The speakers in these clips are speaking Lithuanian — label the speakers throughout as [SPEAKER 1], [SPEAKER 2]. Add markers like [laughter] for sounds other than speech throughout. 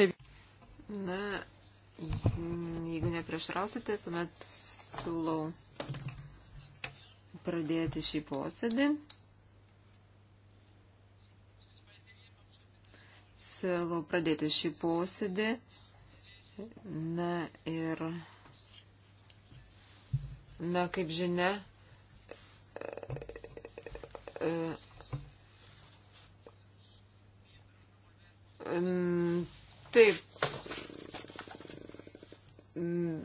[SPEAKER 1] Taip. Na, jeigu neprieštrausite, tuomet siūlau pradėti šį posėdį. Siūlau pradėti šį posėdį. Na ir, na kaip žinia, e, e, e, Taip. Mm.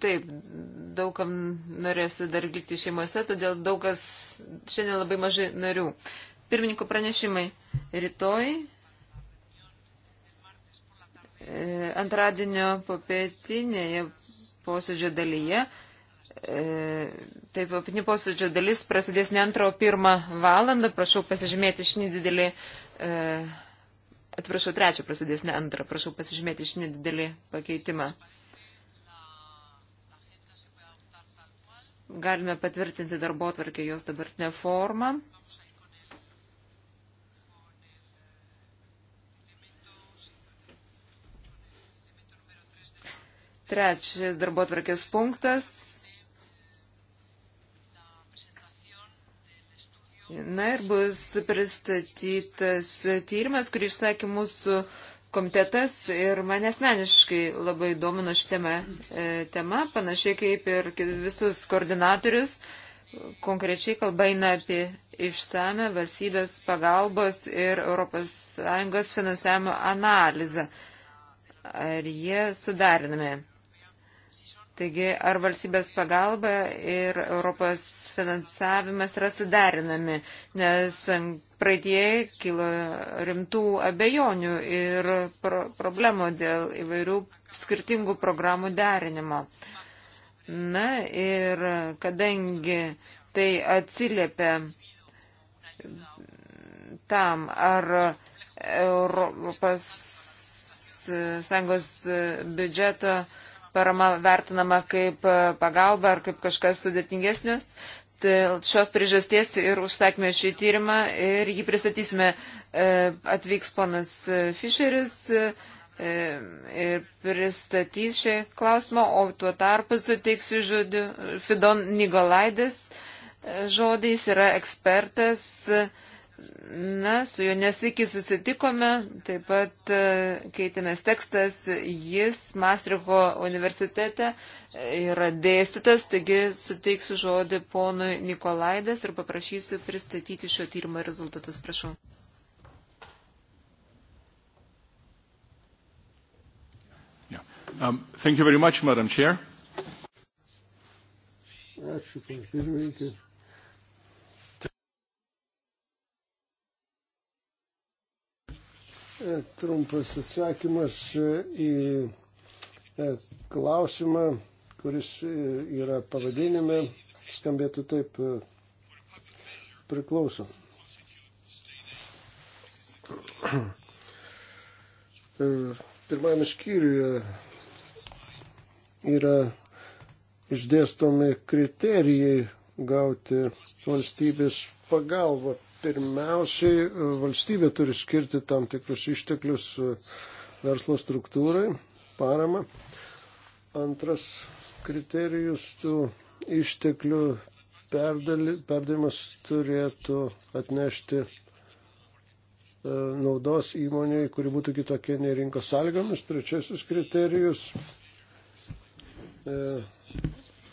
[SPEAKER 1] Taip, daugam norėsiu dar likti šeimose, todėl daug kas šiandien labai mažai narių. Pirmininko pranešimai rytoj, e, antradienio popietinėje posėdžio dalyje. E, taip, popietinė posėdžio dalis prasidės ne antrą, o pirmą valandą. Prašau pasižymėti šį didelį E, atsiprašau, trečią prasidės, ne antrą. Prašau pasižymėti šį nedidelį pakeitimą. Galime patvirtinti darbo tvarkę jos dabartinę formą. Trečias darbo tvarkės punktas Na ir bus pristatytas tyrimas, kurį išsakė mūsų komitetas ir mane asmeniškai labai domino šitame e, tema, panašiai kaip ir visus koordinatorius. Konkrečiai kalba eina apie išsame valstybės pagalbos ir ES finansavimo analizą. Ar jie sudarinami? Taigi, ar valstybės pagalba ir ES finansavimas yra sudarinami, nes praeitie kilo rimtų abejonių ir pro problemų dėl įvairių skirtingų programų derinimo. Na ir kadangi tai atsiliepia tam, ar Europos Sąjungos biudžeto parama vertinama kaip pagalba ar kaip kažkas sudėtingesnis, Dėl e, šios priežasties ir užsakėme šį tyrimą ir jį pristatysime. E, atvyks ponas e, Fischeris ir pristatys šį klausimą, o tuo tarpu suteiksiu žodį Fidon Nigolaidis. Žodis yra ekspertas Na, su juo nesikį susitikome, taip pat e, keitėmės tekstas, jis Mastricho universitete yra dėstytas, taigi suteiksiu žodį ponui Nikolaidas ir paprašysiu pristatyti šio tyrimo rezultatus, prašau.
[SPEAKER 2] Yeah. Um, thank you very much, Madam Chair. Ačiū, pirmininkė. trumpas atsakymas į e, klausimą, kuris e, yra pavadinime, skambėtų taip e, priklauso. Pirmame skyriuje yra išdėstomi kriterijai gauti valstybės pagalbą Pirmiausiai, e, valstybė turi skirti tam tikrus išteklius e, verslo struktūrai, paramą. Antras kriterijus tų išteklių perdavimas turėtų atnešti e, naudos įmoniai, kuri būtų kitokia nei rinkos sąlygomis. Trečiasis kriterijus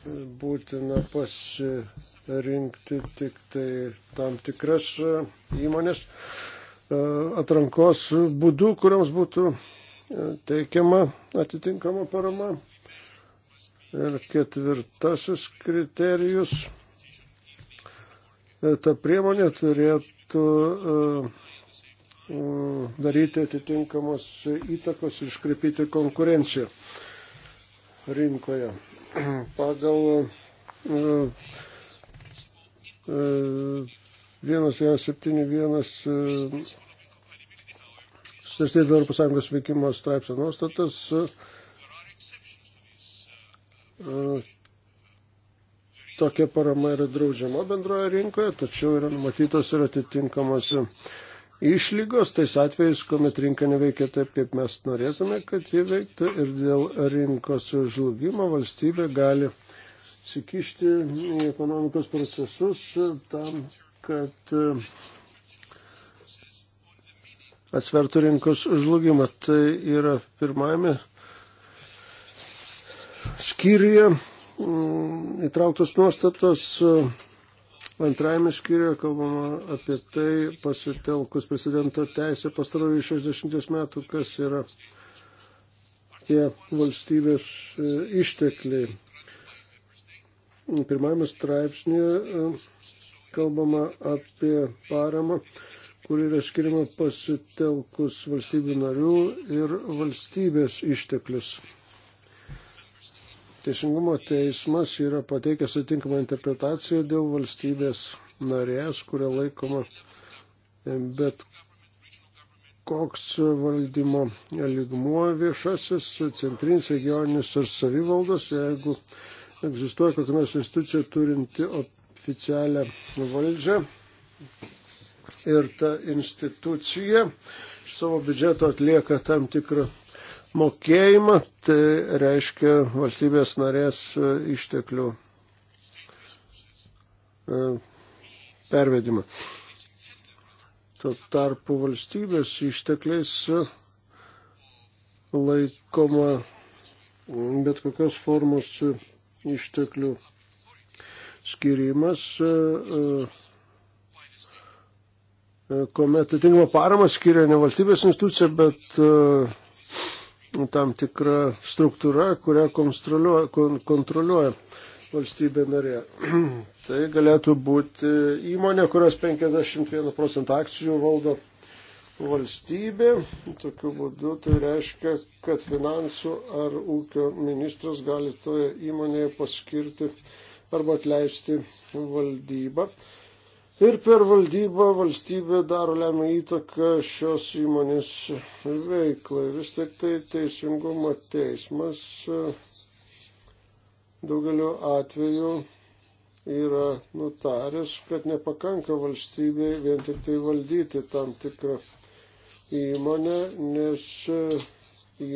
[SPEAKER 2] būtina pasirinkti tik tai tam tikras e, įmonės e, atrankos būdų, kuriams būtų e, teikiama atitinkama parama. Ir ketvirtasis kriterijus. Ta priemonė turėtų daryti atitinkamos įtakos ir iškreipyti konkurenciją rinkoje pagal 1171 sutarties dėl Europos Sąjungos veikimo straipsnio nuostatas. E, e, tokia parama yra draudžiama bendroje rinkoje, tačiau yra numatytos ir atitinkamos išlygos tais atvejais, kuomet rinka neveikia taip, kaip mes norėtume, kad ji veiktų ir dėl rinkos žlugimo valstybė gali sikišti į ekonomikos procesus tam, kad e, atsvertų rinkos žlugimą. Tai yra pirmajame skyriuje mm, įtrauktos nuostatos e, Antrajame skyriuje kalbama apie tai, pasitelkus prezidento teisę pastarojų 60 metų, kas yra tie valstybės e, ištekliai. Pirmajame straipsnėje e, kalbama apie paramą, kuri yra skirima pasitelkus valstybių narių ir valstybės išteklius. Teisingumo teismas yra pateikęs atitinkamą interpretaciją dėl valstybės narės, kuria laikoma e, bet koks valdymo lygmuo viešasis, centrinis, regioninis ar savivaldos, jeigu egzistuoja kokia nors institucija turinti oficialią valdžią ir ta institucija savo biudžeto atlieka tam tikrą mokėjimą, tai reiškia valstybės narės e, išteklių e, pervedimą. Tuo tarpu valstybės ištekliais e, laikoma bet kokios formos išteklių skirimas, kuomet atitinkama parama skiria ne valstybės institucija, bet tam tikra struktūra, kurią kontroliuoja valstybė narė. [clears throat] tai galėtų būti įmonė, kurios 51 procentų akcijų valdo valstybė. Tokiu būdu tai reiškia, kad finansų ar ūkio ministras gali toje įmonėje paskirti arba atleisti valdybą. Ir per valdybą valstybė daro lemą įtaką šios įmonės veiklai. Vis tik tai teisingumo teismas e, daugeliu atveju yra nutaręs, kad nepakanka valstybei vien tik tai valdyti tam tikrą įmonę, nes e,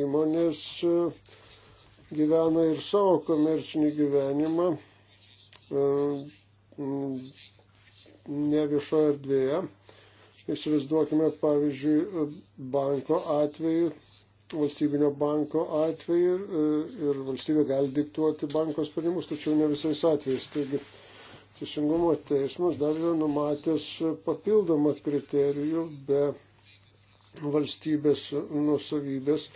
[SPEAKER 2] įmonės e, gyvena ir savo komercinį gyvenimą ne viešoje erdvėje. Įsivaizduokime, pavyzdžiui, banko atveju, valstybinio banko atveju e, ir valstybė gali diktuoti banko sprendimus, tačiau ne visais atvejais. Taigi, Teisingumo teismas dar yra numatęs papildomą kriterijų be valstybės nusavybės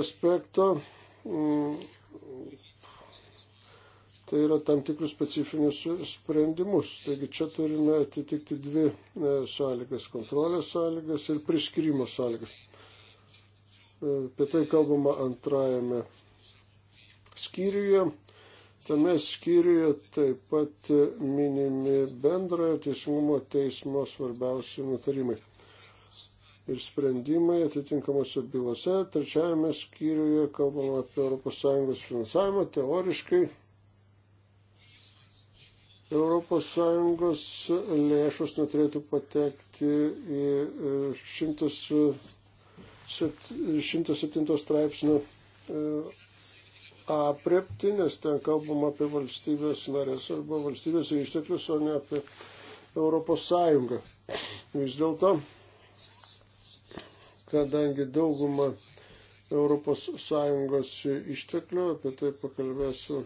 [SPEAKER 2] aspekto, tai yra tam tikrus specifinius sprendimus. Taigi čia turime atitikti dvi e, sąlygas - kontrolės sąlygas ir priskirimo sąlygas. E, apie tai kalbama antrajame skyriuje. Tame skyriuje taip pat minimi bendrojo teisingumo teismo svarbiausi nutarimai ir sprendimai atitinkamose bylose. Trečiajame skyriuje kalbama apie ES finansavimą teoriškai ES lėšos neturėtų patekti į 107 e, e, straipsnio e, aprepti, nes ten kalbama apie valstybės narės arba valstybės išteklius, o ne apie ES. Vis dėlto, kadangi dauguma ES išteklių, apie tai pakalbėsiu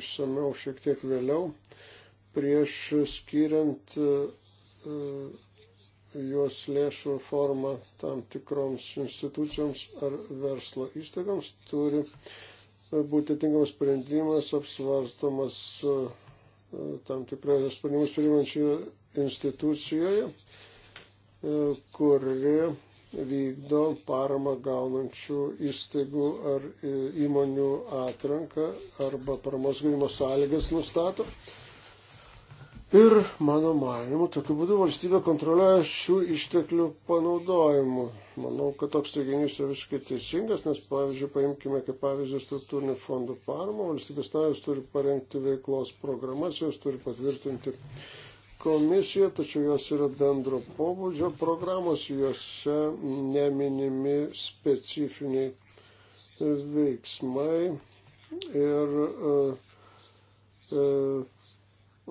[SPEAKER 2] išsameu šiek tiek vėliau, prieš skiriant e, e, juos lėšų formą tam tikroms institucijoms ar verslo įstaigoms turi e, būti tinkamas sprendimas apsvarstamas tam tikroje sprendimus priimančioje institucijoje, kuri vykdo paramą gaunančių įstaigų ar įmonių atranką arba paramos gavimo sąlygas nustato. Ir mano manimu, tokiu būdu valstybė kontroliuoja šių išteklių panaudojimu. Manau, kad toks teiginys yra visiškai teisingas, nes pavyzdžiui, paimkime kaip pavyzdį struktūrinį fondų paramą, valstybės narės turi parengti veiklos programas, jos turi patvirtinti komisija, tačiau jos yra bendro pobūdžio programos, juose neminimi specifiniai veiksmai ir uh, uh,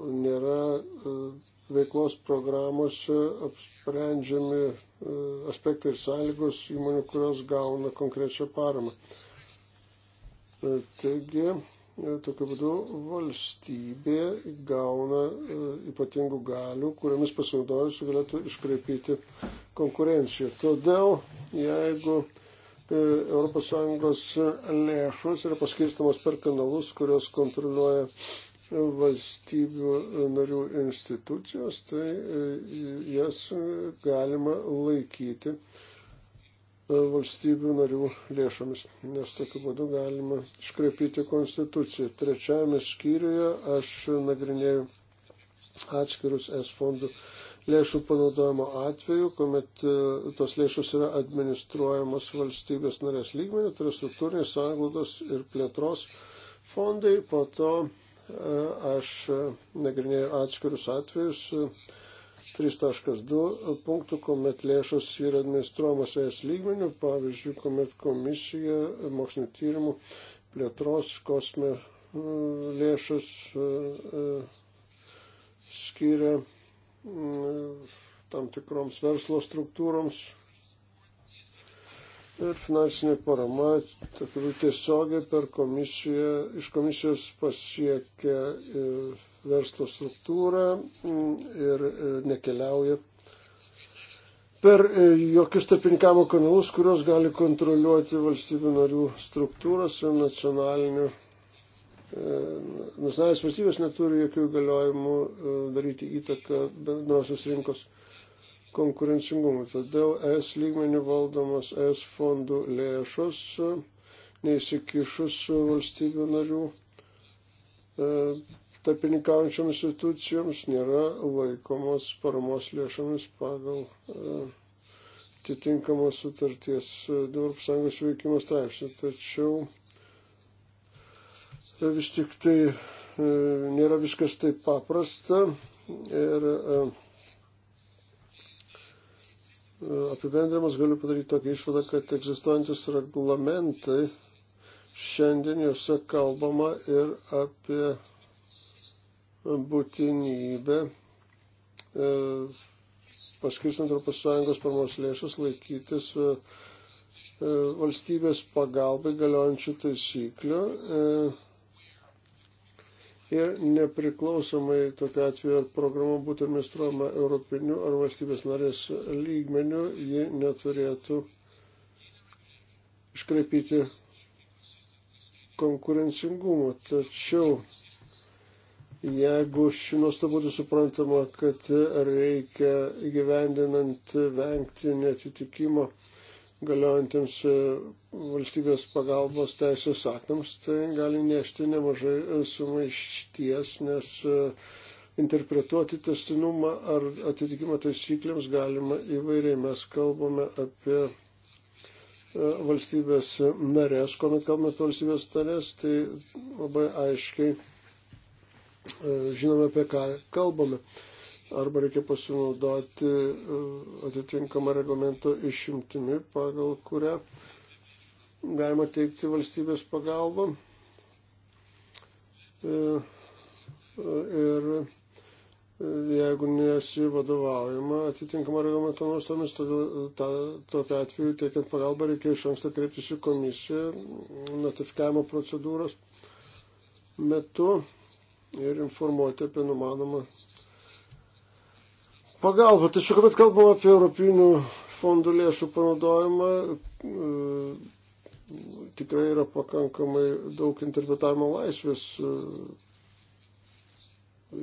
[SPEAKER 2] nėra e, veiklos programuose apsprendžiami e, aspektai ir sąlygos įmonių, kurios gauna konkrečią paramą. E, taigi, tokiu būdu valstybė gauna ypatingų galių, kuriamis pasinaudojus galėtų iškreipyti konkurenciją. Todėl, jeigu ES lėšos yra paskirstamos per kanalus, kurios kontroliuoja valstybių narių institucijos, tai e, jas galima laikyti e, valstybių narių lėšomis, nes tokiu būdu galima iškreipyti konstituciją. Trečiajame skyriuje aš nagrinėjau atskirus S fondų lėšų panaudojimo atveju, kuomet e, tos lėšos yra administruojamos valstybės narės lygmenį, tai yra struktūrinės sąnglaudos ir plėtros fondai, po to Aš nagrinėjau atskirius atvejus 3.2 punktų, kuomet lėšos yra administruojamos ES lygmenių, pavyzdžiui, kuomet komisija mokslinio tyrimų plėtros kosme lėšas skiria tam tikroms verslo struktūroms ir finansinė parama tiesiogiai per komisiją, iš komisijos pasiekia e, verslo struktūrą ir e, nekeliauja per e, jokius tarpininkavimo kanalus, kuriuos gali kontroliuoti valstybių narių struktūros ir nacionalinių. Nacionalinės valstybės neturi jokių įgaliojimų daryti įtaką bendrosios rinkos konkurencingumui. Todėl ES lygmenių valdomos ES fondų lėšos, e, neįsikišus valstybių narių e, tarpininkaujančioms institucijoms, nėra laikomos paramos lėšomis pagal e, atitinkamos sutarties ES veikimo straipsnį. Tačiau vis tik tai nėra viskas taip paprasta ir uh, apibendrimas galiu padaryti tokią išvadą, kad egzistuojantis reglamentai šiandien juose kalbama ir apie būtinybę e, paskirstant ES paramos lėšas laikytis e, e, valstybės pagalbai galiojančių taisyklių ir nepriklausomai tokiu atveju programa būtų administruojama europiniu ar valstybės narės lygmeniu, ji neturėtų iškreipyti konkurencingumo. Tačiau jeigu ši nuostaba būtų suprantama, kad reikia įgyvendinant vengti netitikimo galiojantiems e, valstybės pagalbos teisės aktams, tai gali nešti nemažai e, sumaišties, nes e, interpretuoti testinumą ar atitikimą taisyklėms galima įvairiai. Mes kalbame apie valstybės narės, kuomet kalbame apie valstybės narės, tai labai aiškiai žinome, apie ką kalbame arba reikia pasinaudoti e, atitinkamą reglamento išimtimi, pagal kurią galima teikti valstybės pagalbą. E, e, ir jeigu nesivadovaujama atitinkama reglamento nuostomis, todėl ta, tokia atveju teikiant pagalbą reikia iš anksto kreiptis į komisiją notifikavimo procedūros metu ir informuoti apie numanomą pagalbą. Tačiau, kuomet kalbam apie Europinių fondų lėšų panaudojimą, e, tikrai yra pakankamai daug interpretavimo laisvės e,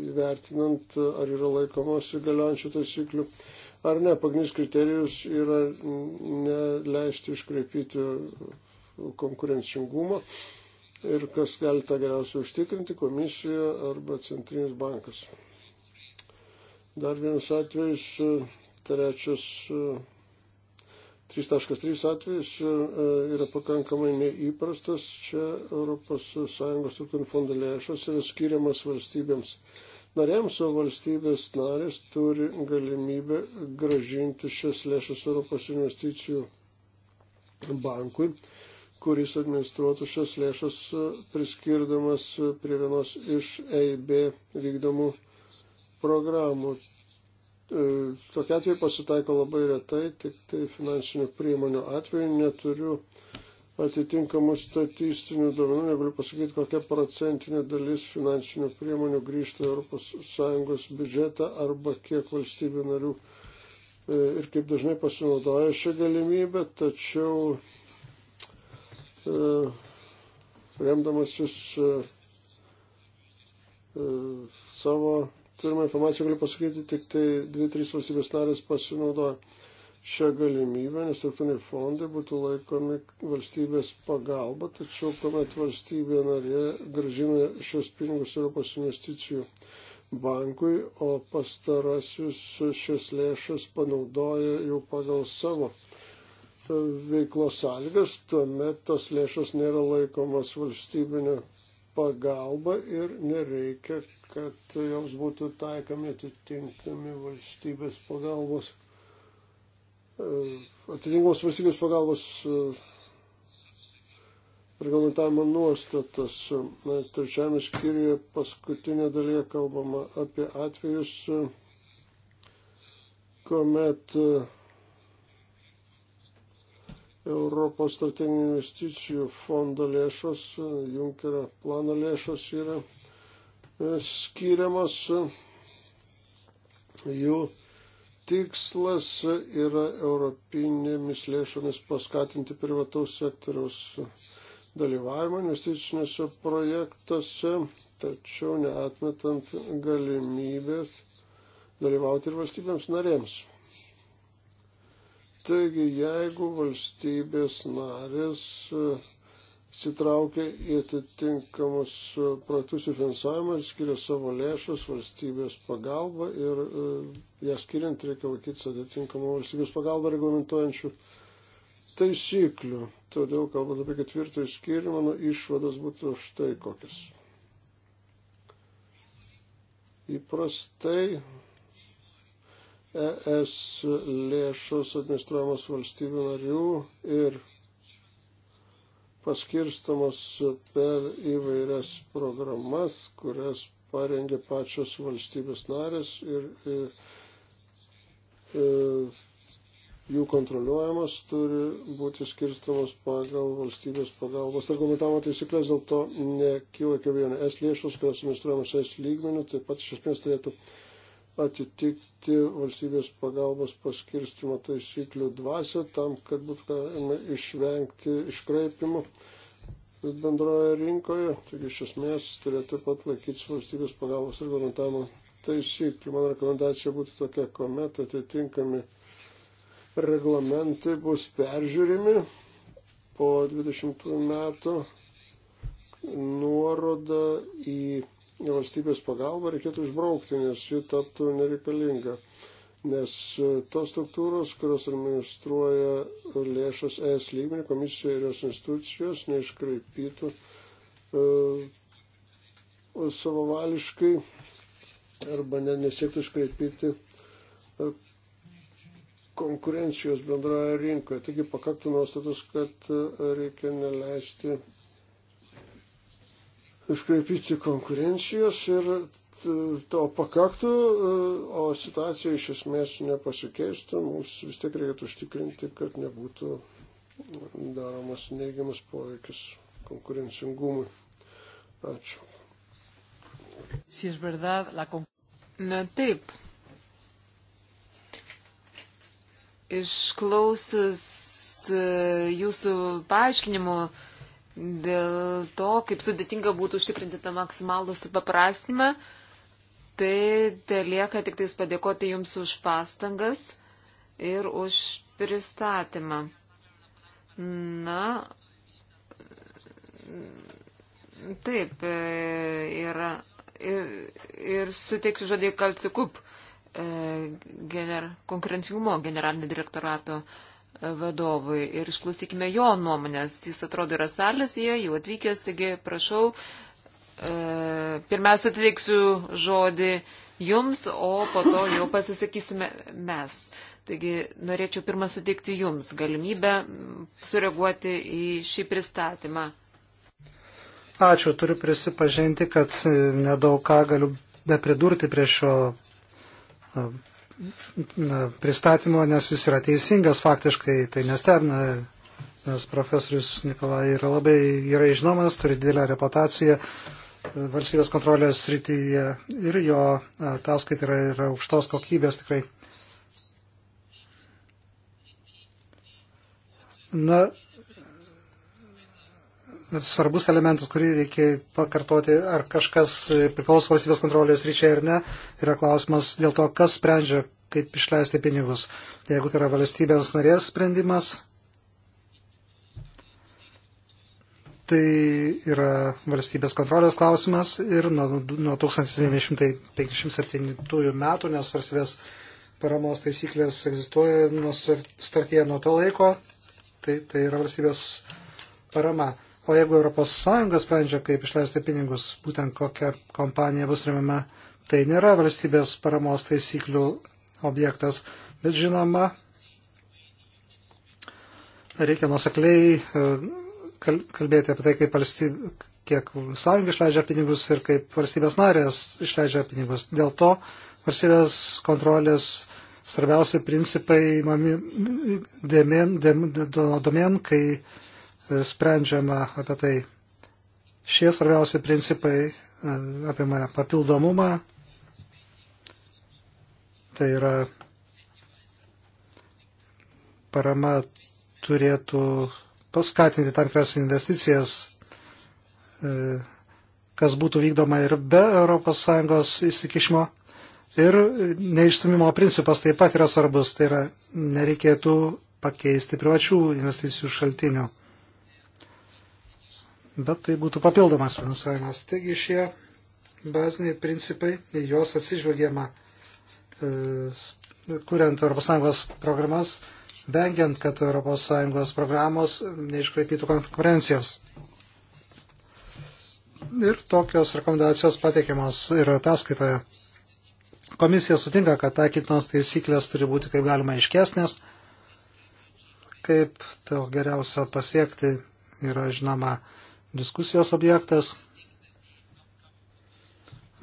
[SPEAKER 2] įvertinant, ar yra laikomasi galiojančių taisyklių, ar ne. Pagrindinis kriterijus yra neleisti iškreipyti konkurencingumo ir kas gali tą geriausiai užtikrinti - komisija arba centrinis bankas. Dar vienas atvejis, e, trečias 3.3 e, atvejis e, yra pakankamai neįprastas. Čia ES struktūrinių fondų lėšos yra skiriamas valstybėms narėms, o valstybės narės turi galimybę gražinti šias lėšas Europos investicijų bankui, kuris administruotų šias lėšas priskirdamas prie vienos iš EIB vykdomų programų. E, Tokia atveju pasitaiko labai retai, tik tai finansinių priemonių atveju neturiu atitinkamų statistinių duomenų, negaliu pasakyti, kokia procentinė dalis finansinių priemonių grįžta ES biudžetą arba kiek valstybių narių e, ir kaip dažnai pasinaudoja šią galimybę, tačiau e, remdamasis savo turimą informaciją galiu pasakyti, tik tai 2-3 valstybės narės pasinaudoja šią galimybę, nes tarptautiniai fondai būtų laikomi valstybės pagalba, tačiau kuomet valstybė narė gražina šios pinigus Europos investicijų bankui, o pastarasis šias lėšas panaudoja jau pagal savo veiklos sąlygas, tuomet tos lėšos nėra laikomas valstybinio pagalba ir nereikia, kad joms būtų taikomi atitinkami valstybės pagalbos, e, atitinkamos valstybės pagalbos e, reglamentavimo nuostatas. Trečiame skyriuje paskutinė dalyje kalbama apie atvejus, kuomet uh, Europos strateginių investicijų fondo lėšos, Junkerio plano lėšos yra e, skiriamas. Jų tikslas yra europinėmis lėšomis paskatinti privataus sektoriaus dalyvavimą investiciniuose projektuose, tačiau neatmetant galimybės dalyvauti ir valstybėms narėms. Taigi, jeigu valstybės narės e, sitraukia į atitinkamus e, projektus ir finansavimą ir skiria savo lėšus valstybės pagalba ir e, ją skiriant reikia laikytis atitinkamų valstybės pagalbą reglamentuojančių taisyklių. Todėl, kalbant apie ketvirtąjį skyrių, mano nu, išvadas būtų štai kokias. Įprastai ES lėšos administruojamos valstybių narių ir paskirstamos per įvairias programas, kurias parengė pačios valstybės narės ir, ir, ir jų kontroliuojamos turi būti skirstamos pagal valstybės pagalbos reglamentavimo taisyklės, dėl to nekyla kiekviena es lėšos, kurios administruojamos es lygmenių, taip pat iš esmės turėtų tai atitikti valstybės pagalbos paskirstimo taisyklių dvasę tam, kad būtų galima išvengti iškraipimo bendroje rinkoje. Taigi iš esmės turėtų pat laikytis valstybės pagalbos reglamentavimo taisyklių. Mano rekomendacija būtų tokia, kuomet atitinkami reglamentai bus peržiūrimi po 20 metų nuoroda į valstybės pagalbą reikėtų išbraukti, nes ji taptų nereikalinga. Nes e, tos struktūros, kurios administruoja lėšas ES lygmenį, komisija ir jos institucijos neiškraipytų e, savavališkai arba ne, nesiektų iškraipyti e, konkurencijos bendroje rinkoje. Taigi pakaktų nuostatos, kad e, reikia neleisti iškreipyti konkurencijos ir to pakaktų, o situacija iš esmės nepasikeistų, mums vis tiek reikėtų užtikrinti, kad nebūtų daromas neigiamas poveikis konkurencingumui.
[SPEAKER 1] Ačiū. Na taip. Išklausus e, jūsų paaiškinimų, dėl to, kaip sudėtinga būtų užtikrinti tą maksimalų supaprastimą, tai telieka tik tais padėkoti Jums už pastangas ir už pristatymą. Na, taip, e, yra. Ir, ir suteiksiu žodį Kalcikup e, gener, konkurencingumo generalinio direktorato vadovui ir išklausykime jo nuomonės. Jis atrodo yra salėsėje, jau atvykęs, taigi prašau, e, pirmiausia atveiksiu žodį jums, o po to jau pasisakysime mes. Taigi norėčiau pirmą suteikti jums galimybę sureaguoti į šį pristatymą.
[SPEAKER 3] Ačiū, turiu prisipažinti, kad nedaug ką galiu bepridurti prie šio e, pristatymo, nes jis yra teisingas faktiškai, tai nestebina, nes profesorius Nikolai yra labai gerai žinomas, turi didelę reputaciją e, valstybės kontrolės srityje ir jo ataskaita yra, yra aukštos kokybės tikrai. Na, svarbus elementas, kurį reikia pakartoti, ar kažkas priklauso valstybės kontrolės ryčiai ar ne, yra klausimas dėl to, kas sprendžia, kaip išleisti pinigus. Jeigu tai yra valstybės narės sprendimas, tai yra valstybės kontrolės klausimas ir nuo, nuo 1957 metų, nes valstybės paramos taisyklės egzistuoja nuo startie nuo to laiko, tai, tai yra valstybės parama. O jeigu ES sprendžia, kaip išleisti pinigus, būtent kokia kompanija bus remiama, tai nėra valstybės paramos taisyklių objektas. Bet žinoma, reikia nusekliai e, kalbėti apie tai, kaip valstybė, kiek sąjunga išleidžia pinigus ir kaip valstybės narės išleidžia pinigus. Dėl to valstybės kontrolės svarbiausi principai įmami domen, kai sprendžiama apie tai. Šie svarbiausi principai e, apima papildomumą, tai yra parama turėtų paskatinti tam tikras investicijas, e, kas būtų vykdoma ir be ES įsikišimo. Ir neišstumimo principas taip pat yra svarbus, tai yra nereikėtų pakeisti privačių investicijų šaltinių bet tai būtų papildomas finansavimas. Taigi šie baziniai principai, į juos atsižvelgiama, e, kuriant ES programas, vengiant, kad ES programos neiškraipytų konkurencijos. Ir tokios rekomendacijos pateikiamos ir ataskaitoje. Komisija sutinka, kad taikytinos taisyklės turi būti kaip galima aiškesnės, kaip to geriausia pasiekti yra žinoma diskusijos objektas.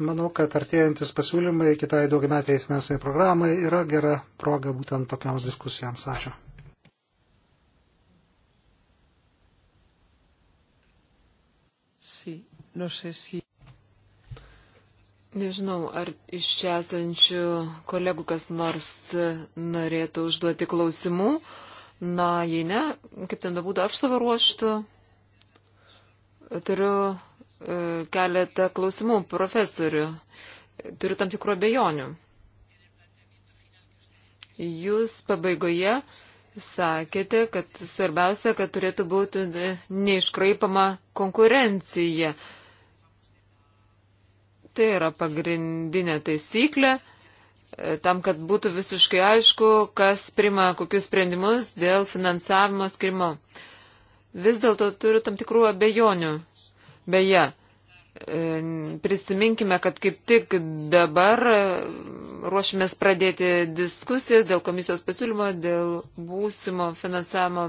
[SPEAKER 3] Manau, kad artėjantis pasiūlymai kitai daugiametiai finansiniai programai yra gera proga būtent tokiams diskusijoms. Ačiū.
[SPEAKER 1] No sé si... Nežinau, ar iš čia esančių kolegų kas nors norėtų užduoti klausimų. Na, jei ne, kaip ten bebūtų, aš savo ruoštų Turiu e, keletą klausimų profesorių. Turiu tam tikrų abejonių. Jūs pabaigoje sakėte, kad svarbiausia, kad turėtų būti neiškraipama konkurencija. Tai yra pagrindinė taisyklė e, tam, kad būtų visiškai aišku, kas prima kokius sprendimus dėl finansavimo skirimo. Uh, vis dėlto turiu tam tikrų abejonių. Beje, e, prisiminkime, kad kaip tik dabar e, ruošimės pradėti diskusijas dėl komisijos pasiūlymo, dėl būsimo finansavimo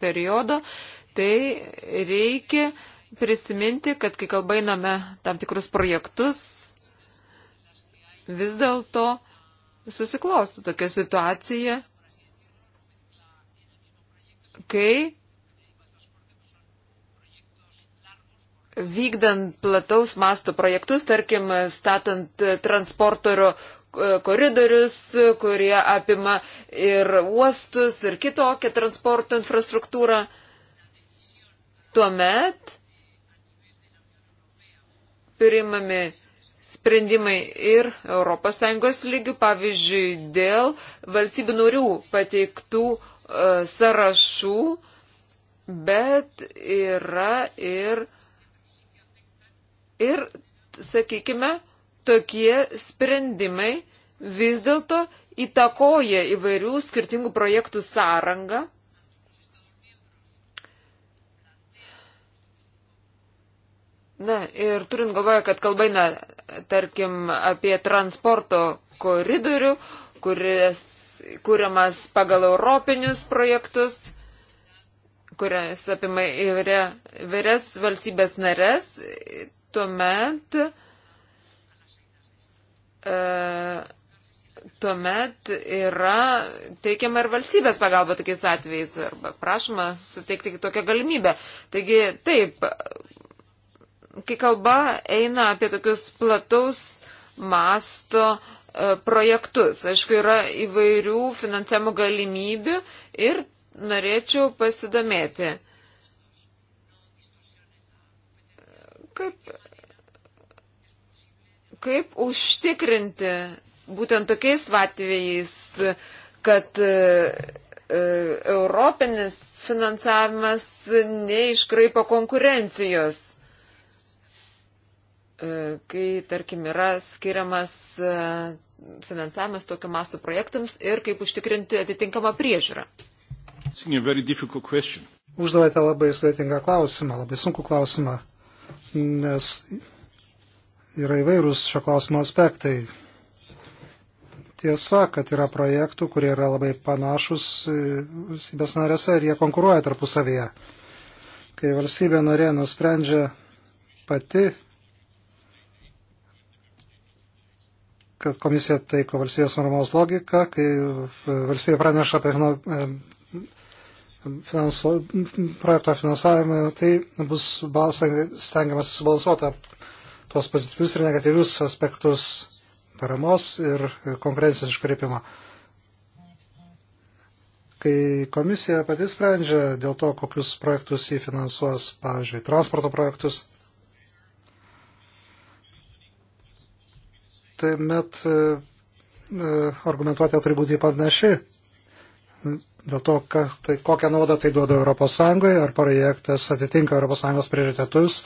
[SPEAKER 1] periodo, tai reikia prisiminti, kad kai kalbainame tam tikrus projektus, vis dėlto susiklosto tokia situacija, kai vykdant plataus masto projektus, tarkim, statant transportorio e, koridorius, kurie apima ir uostus, ir kitokią transporto infrastruktūrą, tuomet priimami sprendimai ir ES lygių, pavyzdžiui, dėl valstybių narių pateiktų e, sąrašų, bet yra ir Ir, sakykime, tokie sprendimai vis dėlto įtakoja įvairių skirtingų projektų sąrangą. Na ir turint galvoje, kad kalba eina, tarkim, apie transporto koridorių, kuris kūriamas pagal europinius projektus, kurias apima įvairias valstybės narės, tuomet, e, tuomet yra teikiama ir valstybės pagalba tokiais atvejais arba prašoma suteikti tokią galimybę. Taigi taip, kai kalba eina apie tokius plataus masto e, projektus. Aišku, yra įvairių finansavimo galimybių ir norėčiau pasidomėti. Kaip, kaip užtikrinti būtent tokiais atvejais, kad e, e, europinis finansavimas neiškraipo konkurencijos, e, kai, tarkim, yra skiriamas finansavimas tokio masto projektams ir kaip užtikrinti atitinkamą priežiūrą.
[SPEAKER 3] Uždavėte labai sudėtingą klausimą, labai sunku klausimą nes yra įvairūs šio klausimo aspektai. Tiesa, kad yra projektų, kurie yra labai panašus e, valstybės narėse ir jie konkuruoja tarpusavėje. Kai valstybė narė nusprendžia pati, kad komisija taiko valstybės normos logiką, kai valstybė praneša apie e, finanso, projekto finansavimą, tai bus stengiamas subalansuota tuos pozityvius ir negatyvius aspektus paramos ir konkurencijos iškreipimo. Kai komisija pati sprendžia dėl to, kokius projektus jį finansuos, pavyzdžiui, transporto projektus, tai met e, e, argumentuoti turi būti panaši dėl to, tai, kokią naudą tai duoda ES, ar projektas atitinka ES prioritetus,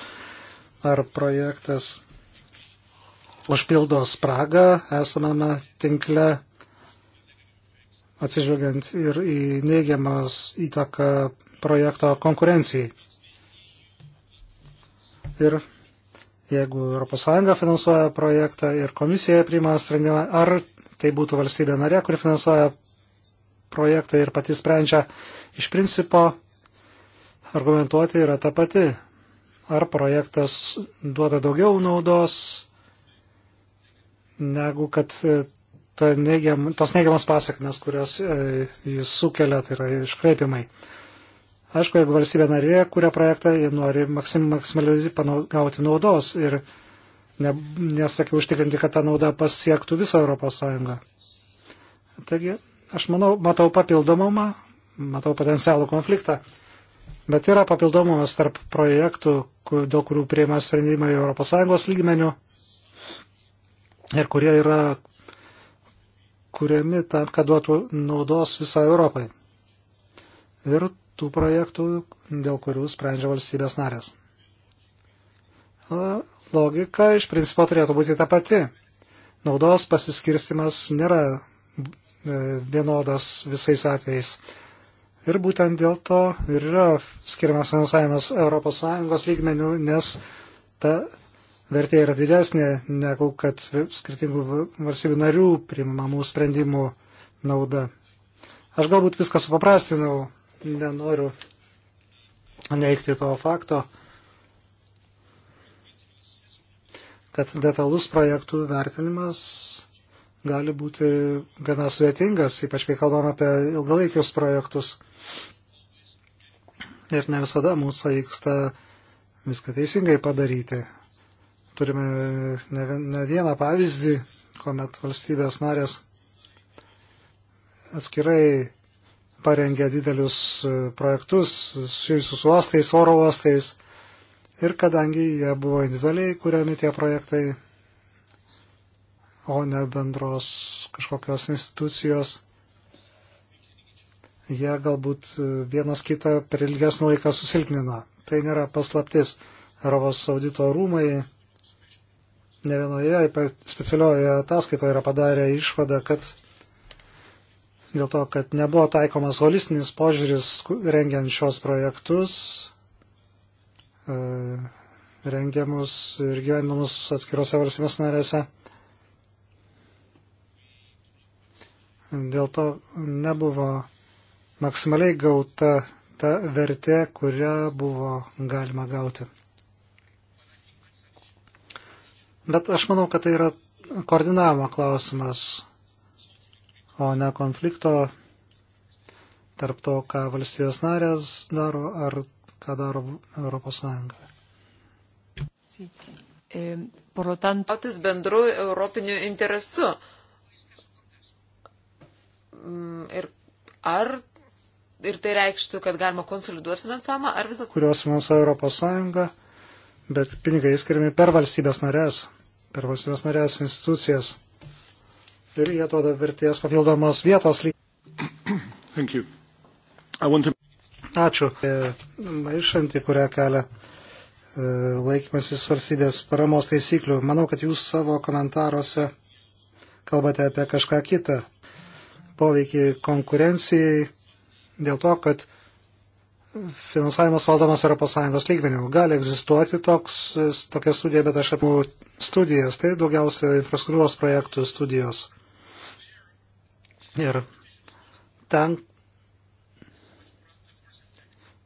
[SPEAKER 3] ar projektas užpildo spragą esamame tinkle, atsižvelgiant ir į neigiamas įtaką projekto konkurencijai. Ir jeigu ES finansuoja projektą ir komisija priima sprendimą, ar tai būtų valstybė narė, kuri finansuoja projektai ir pati sprendžia, iš principo argumentuoti yra ta pati. Ar projektas duoda daugiau naudos, negu kad e, ta neigiam, tos neigiamas pasiekmes, kurios e, jis sukelia, tai yra iškreipimai. Aišku, jeigu valstybė narė kuria projektą, ji nori maksim, maksimaliai gauti naudos ir ne, nesakiau užtikrinti, kad ta nauda pasiektų visą Europos Sąjungą. Taigi, Aš manau, matau papildomumą, matau potencialų konfliktą, bet yra papildomumas tarp projektų, kur, dėl kurių prieima sprendimai ES lygmenių ir kurie yra kuriami tam, kad duotų naudos visą Europai. Ir tų projektų, dėl kurių sprendžia valstybės narės. Logika iš principo turėtų būti ta pati. Naudos pasiskirstimas nėra E, vienodas visais atvejais. Ir būtent dėl to ir yra skiriamas finansavimas ES lygmenių, nes ta vertė yra didesnė negu kad skirtingų valstybių narių primamų sprendimų nauda. Aš galbūt viską supaprastinau, nenoriu neikti to fakto, kad detalus projektų vertinimas gali būti gana sudėtingas, ypač kai kalbam apie ilgalaikius projektus. Ir ne visada mums pavyksta viską teisingai padaryti. Turime ne vieną pavyzdį, kuomet valstybės narės atskirai parengė didelius projektus susijusius su uostais, oro uostais. Ir kadangi jie buvo individualiai kuriami tie projektai, o ne bendros kažkokios institucijos. Jie galbūt e, vienas kitą per ilgesnį laiką susilpnina. Tai nėra paslaptis. Europos audito rūmai ne vienoje specialioje ataskaitoje yra padarę išvadą, kad dėl to, kad nebuvo taikomas holistinis požiūris rengiant šios projektus, e, rengiamus ir gyvenimus atskirose valstybės narėse. dėl to nebuvo maksimaliai gauta ta vertė, kurią buvo galima gauti. Bet aš manau, kad tai yra koordinavimo klausimas, o ne konflikto tarp to, ką valstybės narės daro ar ką daro Europos Sąjunga.
[SPEAKER 1] Otis bendru europiniu interesu. Mm, ir ar ir tai reikštų, kad galima konsoliduoti finansavimą, ar vis dėlto.
[SPEAKER 3] Kurios finansuoja Europos Sąjunga, bet pinigai skiriami per valstybės narės, per valstybės narės institucijas. Ir jie duoda vertės papildomos vietos lyg. To... Ačiū. E, maišantį, kurią kelia e, laikymasis valstybės paramos taisyklių. Manau, kad jūs savo komentaruose kalbate apie kažką kitą poveikį konkurencijai dėl to, kad finansavimas valdomas ES lygmenių. Gali egzistuoti toks, tokia studija, bet aš apie studijas, tai daugiausia infrastruktūros projektų studijos. Ir ten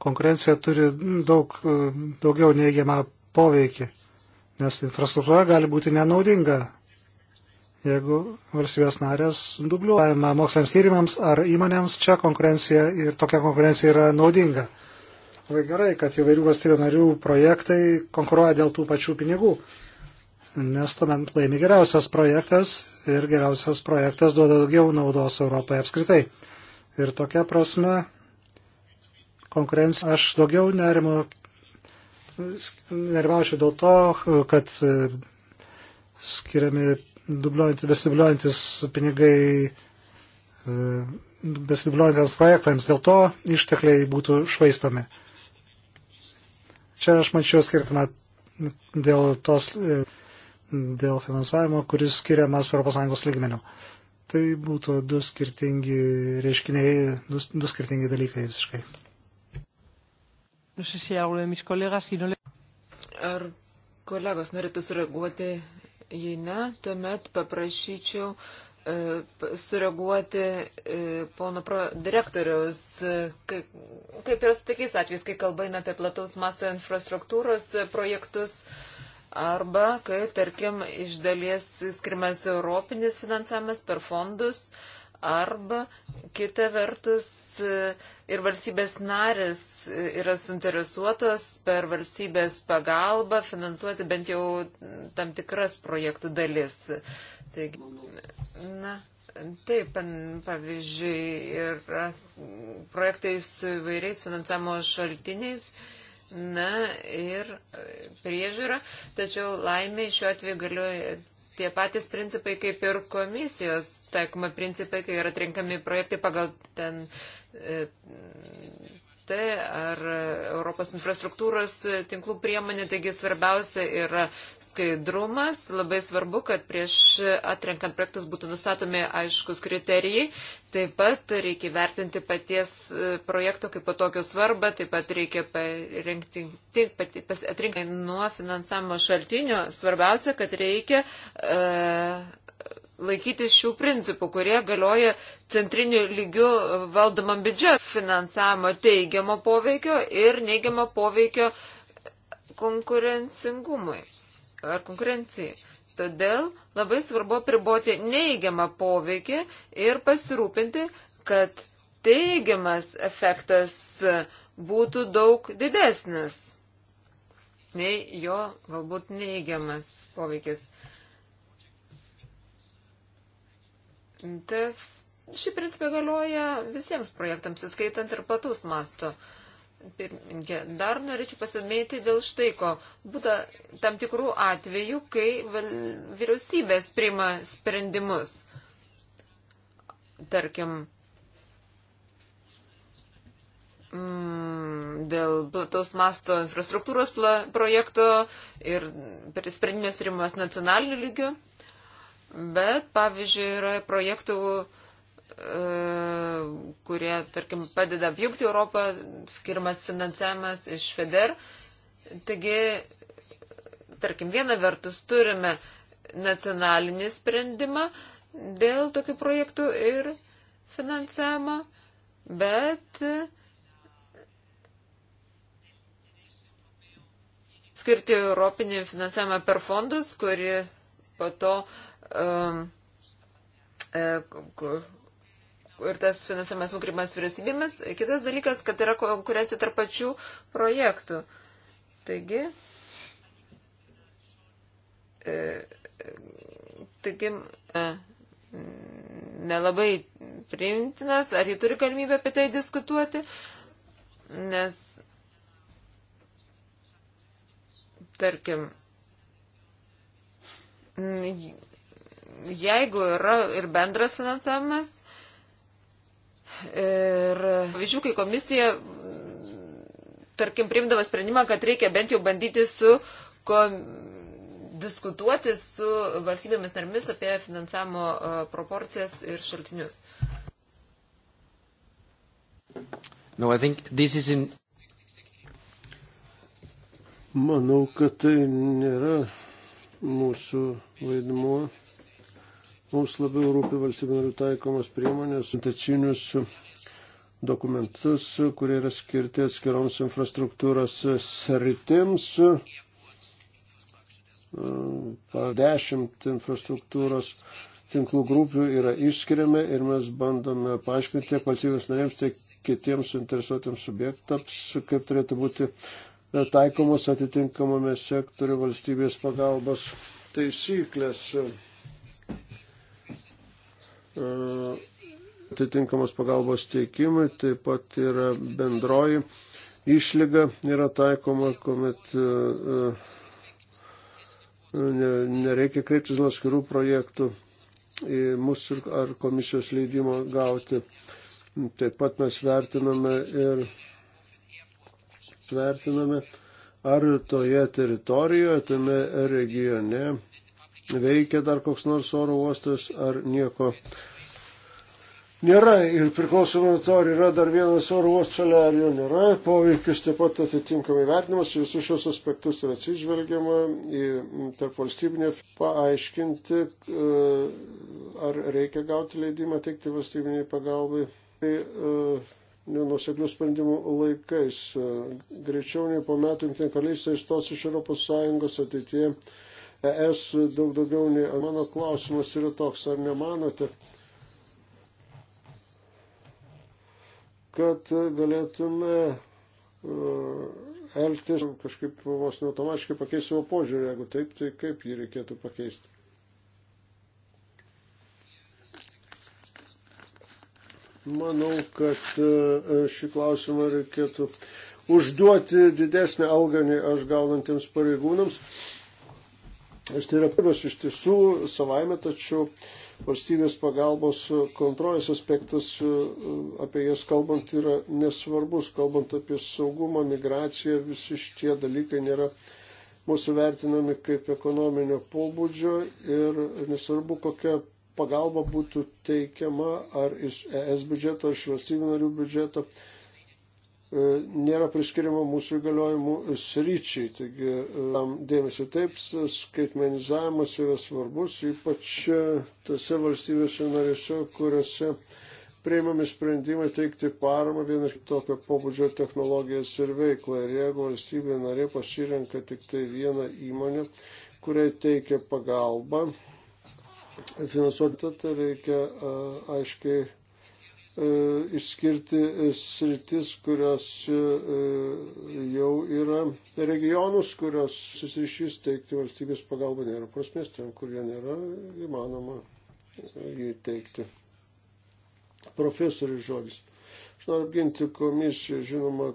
[SPEAKER 3] konkurencija turi daug, daugiau neigiamą poveikį, nes infrastruktūra gali būti nenaudinga jeigu valstybės narės dubliuojama moksliniams tyrimams ar įmonėms, čia konkurencija ir tokia konkurencija yra naudinga. Labai gerai, kad įvairių valstybių narių projektai konkuruoja dėl tų pačių pinigų, nes tuomet laimi geriausias projektas ir geriausias projektas duoda daugiau naudos Europai apskritai. Ir tokia prasme konkurencija aš daugiau nerimu, nerimaučiau dėl to, kad skiriami besidubliuojantis pinigai e, besidubliuojantiems projektams, dėl to ištekliai būtų švaistami. Čia aš mačiau skirtumą dėl, tos, e, dėl finansavimo, kuris skiriamas ES lygmeniu. Tai būtų du skirtingi reiškiniai, du, du skirtingi dalykai visiškai.
[SPEAKER 1] Ar kolegos norėtų sureaguoti Jei ne, tuomet paprašyčiau e, sureaguoti e, pono direktoriaus, e, kai, kaip yra su tokiais atvejais, kai kalba eina apie plataus masto infrastruktūros e, projektus arba kai, tarkim, iš dalies skirimas europinis finansavimas per fondus. E, arba kita vertus ir valstybės narės yra suinteresuotos per valstybės pagalbą finansuoti bent jau tam tikras projektų dalis. Taigi, na, Taip, pavyzdžiui, yra projektai su įvairiais finansavimo šaltiniais. Na ir priežiūra, tačiau laimė šiuo atveju galioja tie patys principai kaip ir komisijos taikoma principai, kai yra atrenkami projektai pagal ten e, TNT ar Europos infrastruktūros tinklų priemonė, taigi svarbiausia yra skaidrumas. Labai svarbu, kad prieš atrenkant projektus būtų nustatomi aiškus kriterijai. Taip pat reikia vertinti paties e, projekto kaip patokio svarbą, taip pat reikia parengti, atrinkti nuo finansavimo šaltinio. Svarbiausia, kad reikia. Uh, laikytis šių principų, kurie galioja centriniu lygiu valdomam biudžeto finansavimo teigiamo poveikio ir neigiamo poveikio konkurencingumui ar konkurencijai. Todėl labai svarbu priboti neigiamą poveikį ir pasirūpinti, kad teigiamas efektas būtų daug didesnis nei jo galbūt neigiamas poveikis. Tas šį principą galioja visiems projektams, įskaitant ir platus masto. Pirmininkė, dar norėčiau pasimėti dėl štai ko. Būta tam tikrų atvejų, kai vyriausybės priima sprendimus. Tarkim, mm, dėl plataus masto infrastruktūros projekto ir sprendimas priimamas nacionaliniu lygiu bet, pavyzdžiui, yra projektų, e, kurie, tarkim, padeda apjungti Europą, skirimas finansavimas iš FEDER. Taigi, tarkim, viena vertus turime nacionalinį sprendimą dėl tokių projektų ir finansavimo, bet skirti europinį finansavimą per fondus, kuri po to Um, e, ir tas finansavimas nukreipimas vyriausybėmis. Kitas dalykas, kad yra konkurencija tarp pačių projektų. Taigi, e, taigi e, nelabai priimtinas, ar jį turi galimybę apie tai diskutuoti, nes, tarkim, jeigu yra ir bendras finansavimas, ir pavyzdžių, kai komisija, tarkim, primdavo sprendimą, kad reikia bent jau bandyti su, ko, diskutuoti su valstybėmis narmis apie finansavimo e, proporcijas ir šaltinius.
[SPEAKER 2] No, in... Manau, kad tai nėra mūsų vaidmuo. Mums labiau rūpi valstybinarių taikomas priemonės, intacinius dokumentus, kurie yra skirti atskiroms infrastruktūros sritims. Dešimt infrastruktūros tinklų grupių yra išskiriame ir mes bandome paaiškinti tiek valstybės narėms, tiek kitiems suinteresuotiems subjektams, kaip turėtų būti taikomos atitinkamame sektoriu valstybės pagalbos taisyklės. E, atitinkamos pagalbos teikimui, taip pat yra bendroji išlyga yra taikoma, kuomet e, e, nereikia kreiptis dėl skirų projektų į mūsų ar komisijos leidimo gauti. Taip pat mes vertiname ir vertiname, ar toje teritorijoje, tame regione veikia dar koks nors oro uostas ar nieko. Nėra ir priklausomai nuo to, ar yra dar vienas oro uostas šalia ar jo nėra, poveikis taip pat atitinkamai vertinimas, visus šios aspektus yra atsižvelgiama į tarp valstybinę paaiškinti, e, ar reikia gauti leidimą teikti valstybiniai pagalbai. Tai, e, nenuseklių sprendimų laikais. E, greičiau nei po metų Junktinė karalystė įstos iš Europos Sąjungos ateitie ES daug daugiau nei. Mano klausimas yra toks, ar nemanote, kad galėtume e, elgtis kažkaip vos neautomatiškai pakeisti savo požiūrį, jeigu taip, tai kaip jį reikėtų pakeisti. Manau, kad e, šį klausimą reikėtų užduoti didesnį alganį aš gaunantiems pareigūnams. Ir tai yra pirmas iš tiesų savaime, tačiau valstybės pagalbos kontrolės aspektas, e, apie jas kalbant, yra nesvarbus. Kalbant apie saugumą, migraciją, visi šitie dalykai nėra mūsų vertinami kaip ekonominio pobūdžio ir nesvarbu, kokia pagalba būtų teikiama ar iš ES biudžeto, ar iš valstybių narių biudžeto. biudžeto E, nėra priskiriama mūsų įgaliojimų sryčiai. Taigi, e, tam dėmesio taip, skaitmenizavimas yra svarbus, ypač e, tose valstybėse narėse, kuriuose prieimami sprendimai teikti paramą vien ir tokio pobūdžio technologijas ir veiklą. Ir jeigu valstybė narė pasirenka tik tai vieną įmonę, kuriai teikia pagalbą, finansuoti, tai reikia aiškiai E, išskirti sritis, kurios e, jau yra regionus, kurios susiršys teikti valstybės pagalbą nėra prasmės, ten, kur jie nėra įmanoma jį teikti. Profesorius žodis. Aš noriu apginti komisiją, žinoma,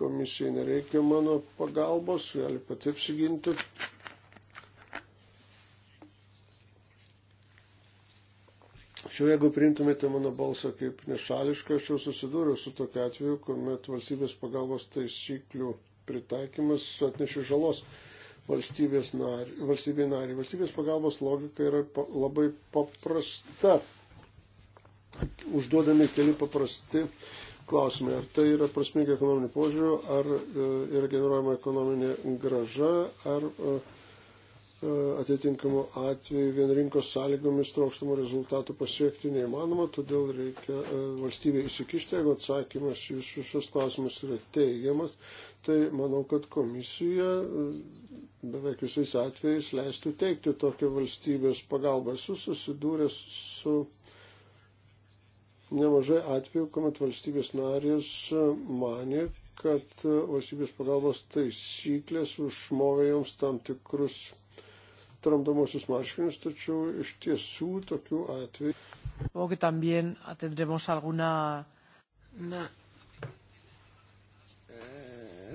[SPEAKER 2] komisijai nereikia mano pagalbos, gali pati apsiginti. Tačiau jeigu priimtumėte mano balsą kaip nešališką, aš jau susidūriau su tokiu atveju, kuomet valstybės pagalbos taisyklių pritaikymas atnešė žalos valstybės narį, valstybė narį. Valstybės pagalbos logika yra pa, labai paprasta. Užduodami keli paprasti klausimai, ar tai yra prasminga ekonominė požiūrių, ar e, yra generuojama ekonominė graža, ar e, E, atitinkamų atvejų vien rinkos sąlygomis traukstamų rezultatų pasiekti neįmanoma, todėl reikia e, valstybė įsikišti, jeigu atsakymas iš šios klausimus yra teigiamas, tai manau, kad komisija e, beveik visais atvejais leistų teikti tokią valstybės pagalbą. Esu susidūręs su nemažai atvejų, kuomet valstybės narės mane, kad valstybės pagalbos taisyklės užmovė joms tam tikrus tramdomosius marškinius, tačiau iš tiesų tokių atvejų.
[SPEAKER 1] O, kad también atendremos alguna. Na.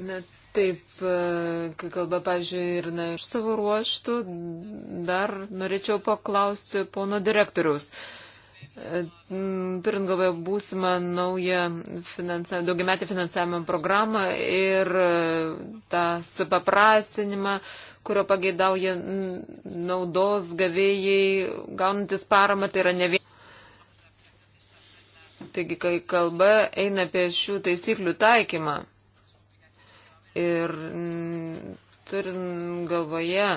[SPEAKER 1] Na taip, kai kalba, pažiūrėjau, ir na, iš savo ruoštų, dar norėčiau paklausti pono direktoriaus. Turint galvoje būsimą naują finansavimą, daugiametį finansavimo programą ir tą supaprastinimą, kurio pagėdauja naudos gavėjai, gaunantis paramą, tai yra ne vien. Taigi, kai kalba eina apie šių taisyklių taikymą ir turint galvoje,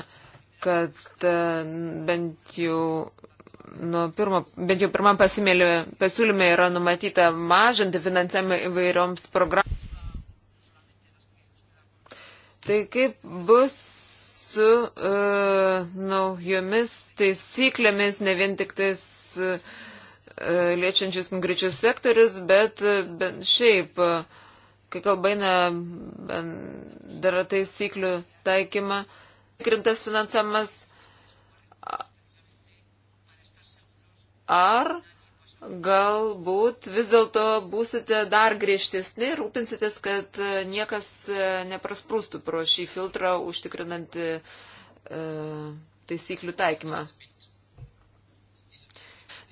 [SPEAKER 1] kad e, bent jau nuo pirmo, bent jau pirmam pasiūlyme yra numatyta mažinti finansavimą įvairioms programoms. Tai kaip bus su uh, naujomis taisyklėmis, ne vien tik tais uh, liečiančius konkrečius sektorius, bet, e, bet šiaip, kai kalba eina bendra taisyklių taikymą, tikrintas finansavimas ar galbūt vis dėlto būsite dar griežtesni ir rūpinsitės, kad e, niekas e, neprasprūstų pro šį filtrą užtikrinant e, e, taisyklių taikymą.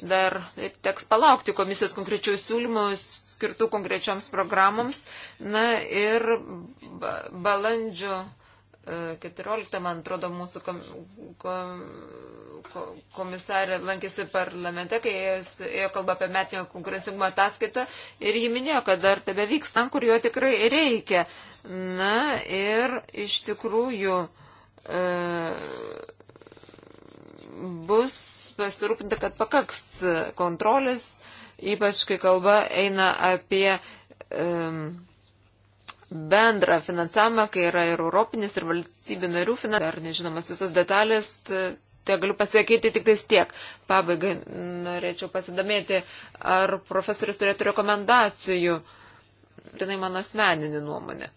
[SPEAKER 1] Dar teks palaukti komisijos konkrečių siūlymų skirtų konkrečioms programoms. Na ir balandžio 14, man atrodo, mūsų kom, kom, komisarė lankėsi parlamente, kai ėjo kalba apie metinio konkurencingumo ataskaitą ir ji minėjo, kad dar tebe vyksta ten, kur jo tikrai reikia. Na ir iš tikrųjų e, bus pasirūpinta, kad pakaks kontrolės, ypač kai kalba eina apie. E, bendrą finansavimą, kai yra ir europinis, ir valstybių narių finansavimas, ar nežinomas visas detalės, tai galiu pasakyti tik tais tiek. Pabaigai norėčiau pasidomėti, ar profesorius turėtų rekomendacijų. Tai mano asmeninė nuomonė.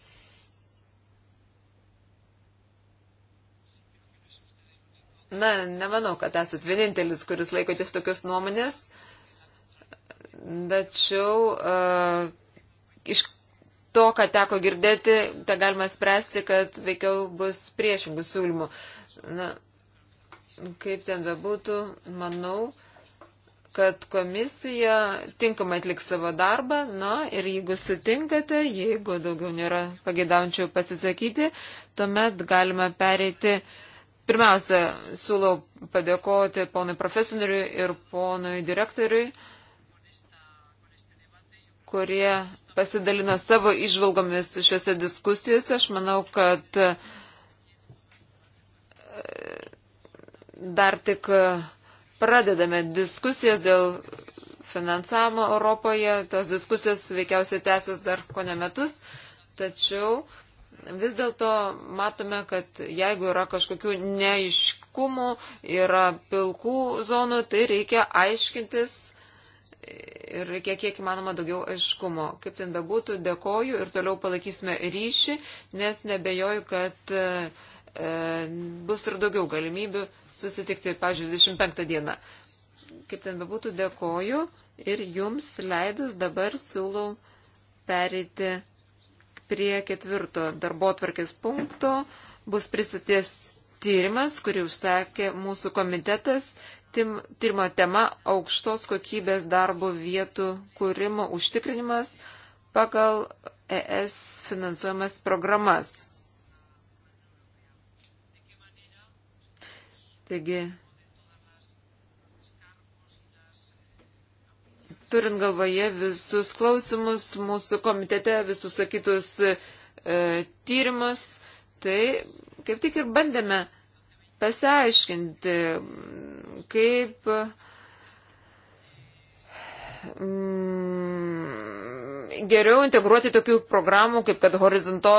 [SPEAKER 1] Na, nemanau, kad esat vienintelis, kuris laikotės tokios nuomonės. Tačiau uh, iš to, ką teko girdėti, tą galima spręsti, kad veikiau bus priešingų siūlymų. Na, kaip ten bebūtų, manau, kad komisija tinkamai atliks savo darbą. Na ir jeigu sutinkate, jeigu daugiau nėra pagėdaujančių pasisakyti, tuomet galima pereiti. Pirmiausia, siūlau padėkoti ponui profesoriui ir ponui direktoriui kurie pasidalino savo išvalgomis šiuose diskusijose. Aš manau, kad e, dar tik pradedame diskusijas dėl finansavimo Europoje. Tos diskusijos veikiausiai tęsis dar ko ne metus. Tačiau vis dėlto matome, kad jeigu yra kažkokių neiškumų, yra pilkų zonų, tai reikia aiškintis ir kiek, kiek įmanoma daugiau aiškumo. Kaip ten bebūtų, dėkoju ir toliau palaikysime ryšį, nes nebejoju, kad e, e bus ir daugiau galimybių susitikti, pažiūrėjau, 25 dieną. Kaip ten bebūtų, dėkoju ir jums leidus dabar siūlau pereiti prie ketvirto darbo tvarkės punkto. Bus pristatės tyrimas, kurį užsakė mūsų komitetas Tim, tyrimo tema - aukštos kokybės darbo vietų kūrimo užtikrinimas pagal ES finansuojamas programas. Taigi, turint galvoje visus klausimus mūsų komitete, visus sakytus e, tyrimus, tai kaip tik ir bandėme pasiaiškinti, kaip mm, geriau integruoti tokių programų, kaip kad Horizontą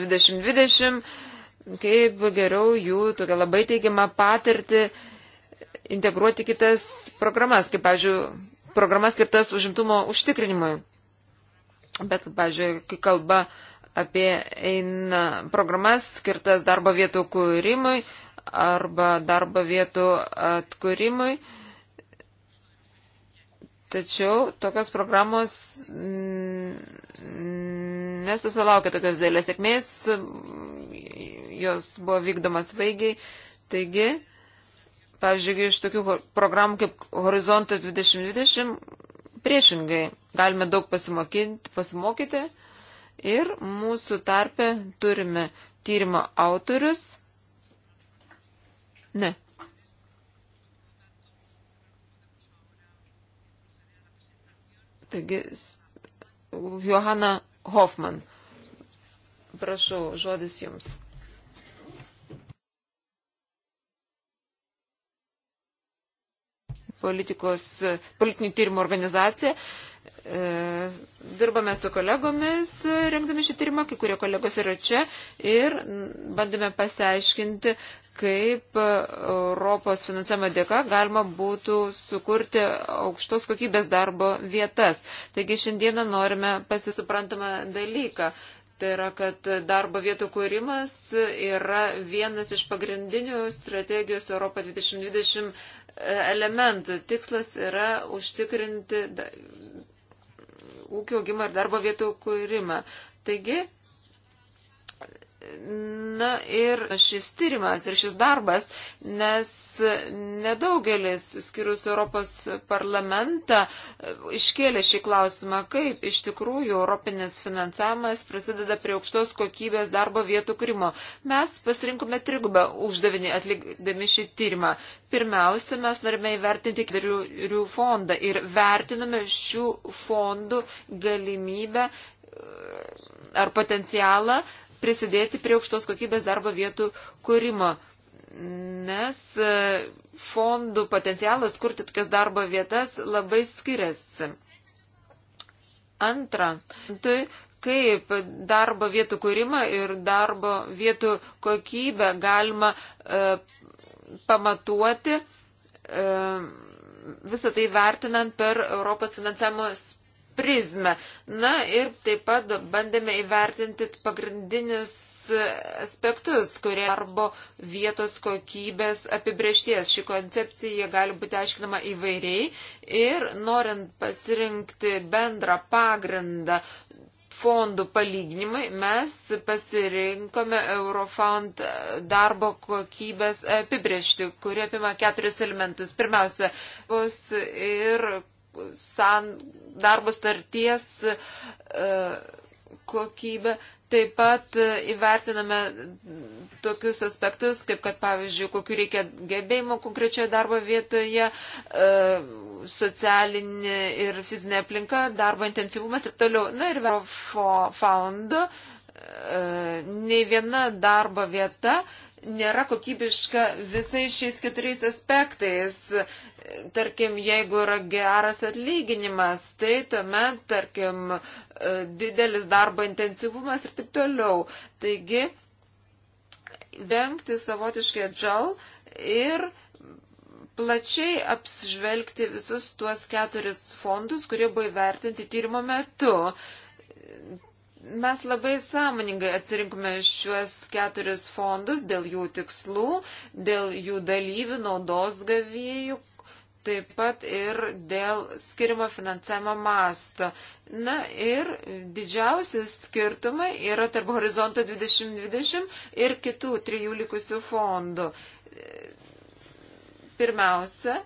[SPEAKER 1] 2020, kaip geriau jų tokia labai teigiama patirti integruoti kitas programas, kaip, pavyzdžiui, programas skirtas užimtumo užtikrinimui. Bet, pavyzdžiui, kai kalba apie eina programas skirtas darbo vietų kūrimui arba darbo vietų atkūrimui. Tačiau tokios programos nesusilaukė tokios dėlės sėkmės, jos buvo vykdomas vaigiai. Taigi, pavyzdžiui, iš tokių programų kaip Horizontas 2020 priešingai galime daug pasimokyti, pasimokyti Ir mūsų tarpe turime tyrimo autorius. Ne. Taigi, Johana Hoffman. Prašau, žodis jums. Politikos, politinių tyrimų organizacija E, dirbame su kolegomis, e, rengdami šį tyrimą, kai kurie kolegos yra čia ir bandėme pasiaiškinti, kaip Europos finansavimo dėka galima būtų sukurti aukštos kokybės darbo vietas. Taigi šiandieną norime pasisuprantamą dalyką. Tai yra, kad darbo vietų kūrimas yra vienas iš pagrindinių strategijos Europą 2020 e, elementų. Tikslas yra užtikrinti ūkio augimą ir darbo vietų kūrimą. Taigi, Na ir šis tyrimas ir šis darbas, nes nedaugelis, skirus Europos parlamentą, iškėlė šį klausimą, kaip iš tikrųjų europinis finansavimas prisideda prie aukštos kokybės darbo vietų kūrimo. Mes pasirinkome trigubą uždavinį atlikdami šį tyrimą. Pirmiausia, mes norime įvertinti krederių fondą ir vertiname šių fondų galimybę e, ar potencialą prisidėti prie aukštos kokybės darbo vietų kūrimo, nes e, fondų potencialas kurti tokias darbo vietas labai skiriasi. Antra, tai kaip darbo vietų kūrimą ir darbo vietų kokybę galima e, pamatuoti e, visą tai vertinant per Europos finansavimo prizmę. Na ir taip pat bandėme įvertinti pagrindinius e, aspektus, kurie darbo vietos kokybės apibriešties. Ši koncepcija gali būti aiškinama įvairiai ir norint pasirinkti bendrą pagrindą fondų palyginimui mes pasirinkome Eurofond darbo kokybės apibriešti, kurie apima keturis elementus. Pirmiausia, bus ir san, darbo starties e, kokybę. Taip pat e, įvertiname tokius aspektus, kaip kad, pavyzdžiui, kokiu reikia gebėjimo konkrečioje darbo vietoje, e, socialinė ir fizinė aplinka, darbo intensyvumas ir toliau. Na ir fondo, nei viena darbo vieta nėra kokybiška visais šiais keturiais aspektais. Tarkim, jeigu yra geras atlyginimas, tai tuomet, tarkim, e, didelis darbo intensyvumas ir taip toliau. Taigi, vengti savotiškai atžal ir plačiai apsižvelgti visus tuos keturis fondus, kurie buvo įvertinti tyrimo metu. Mes labai sąmoningai atsirinkome šiuos keturis fondus dėl jų tikslų, dėl jų dalyvių, naudos gavėjų, taip pat ir dėl skirimo finansavimo masto. Na ir didžiausias skirtumai yra tarp horizonto 2020 ir kitų trijų likusių fondų. Pirmiausia,